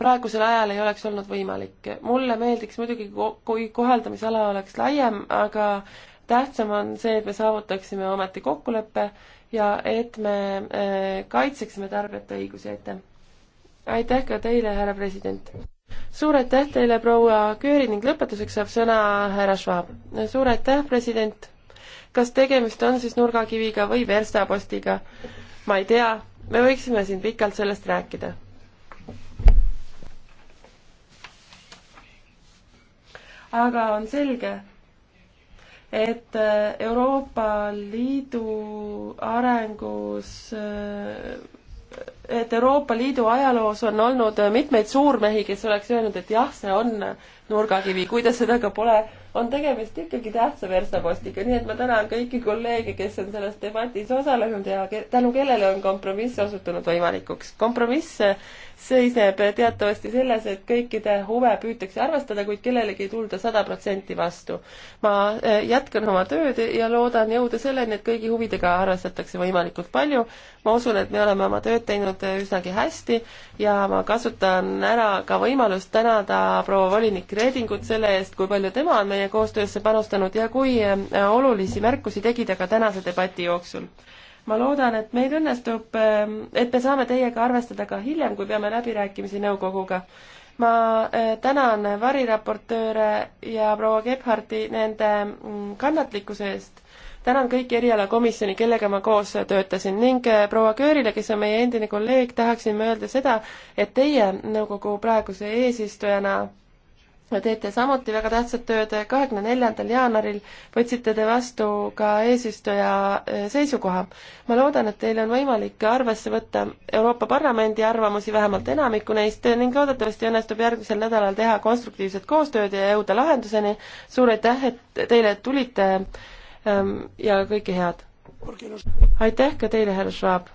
praegusel ajal ei oleks olnud võimalik. mulle meeldiks muidugi, kui kohaldamisala oleks laiem, aga tähtsam on see, et me saavutaksime ometi kokkuleppe ja et me äh, kaitseksime tarbijate õigusi, aitäh! aitäh ka teile, härra president! suur aitäh teile, proua Küüri ning lõpetuseks saab sõna härra Schwab. suur aitäh, president! kas tegemist on siis nurgakiviga või verstapostiga? ma ei tea, me võiksime siin pikalt sellest rääkida. aga on selge, et äh, Euroopa Liidu arengus, äh, et Euroopa Liidu ajaloos on olnud mitmeid suurmehi, kes oleks öelnud, et jah, see on nurgakivi, kui ta seda ka pole on tegemist ikkagi tähtsa verstapostiga, nii et ma tänan kõiki kolleege, kes on selles debatis osalenud ja ke tänu kellele on kompromiss osutunud võimalikuks. kompromiss seisneb teatavasti selles, et kõikide huve püütakse arvestada, kuid kellelegi ei tulda sada protsenti vastu. ma eh, jätkan oma tööd ja loodan jõuda selleni, et kõigi huvidega arvestatakse võimalikult palju. ma usun, et me oleme oma tööd teinud eh, üsnagi hästi ja ma kasutan ära ka võimalust tänada proua volinik Redingut selle eest, kui palju tema on meie teie koostöösse panustanud ja kui äh, olulisi märkusi tegi ta ka tänase debati jooksul. ma loodan, et meil õnnestub, ähm, et me saame teiega arvestada ka hiljem, kui peame läbirääkimisi nõukoguga. ma äh, tänan variraportööre ja proua Gebhardi nende mm, kannatlikkuse eest tänan kõiki erialakomisjoni, kellega ma koos töötasin ning äh, proua Köörile, kes on meie endine kolleeg, tahaksin ma öelda seda, et teie nõukogu praeguse eesistujana teete samuti väga tähtsat tööd. kahekümne neljandal jaanuaril võtsite te vastu ka eesistuja eh, seisukoha. ma loodan, et teil on võimalik arvesse võtta Euroopa Parlamendi arvamusi, vähemalt enamikku neist, ning loodetavasti õnnestub järgmisel nädalal teha konstruktiivset koostööd ja jõuda lahenduseni. suur aitäh, et teile tulite ehm, ja kõike head! aitäh ka teile, härra Schwab!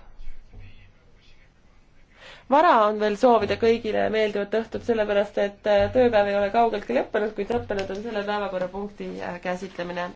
vara on veel soovida kõigile meeldivat õhtut, sellepärast et tööpäev ei ole kaugeltki lõppenud, kuid lõppenud on selle päevakorrapunkti äh, käsitlemine.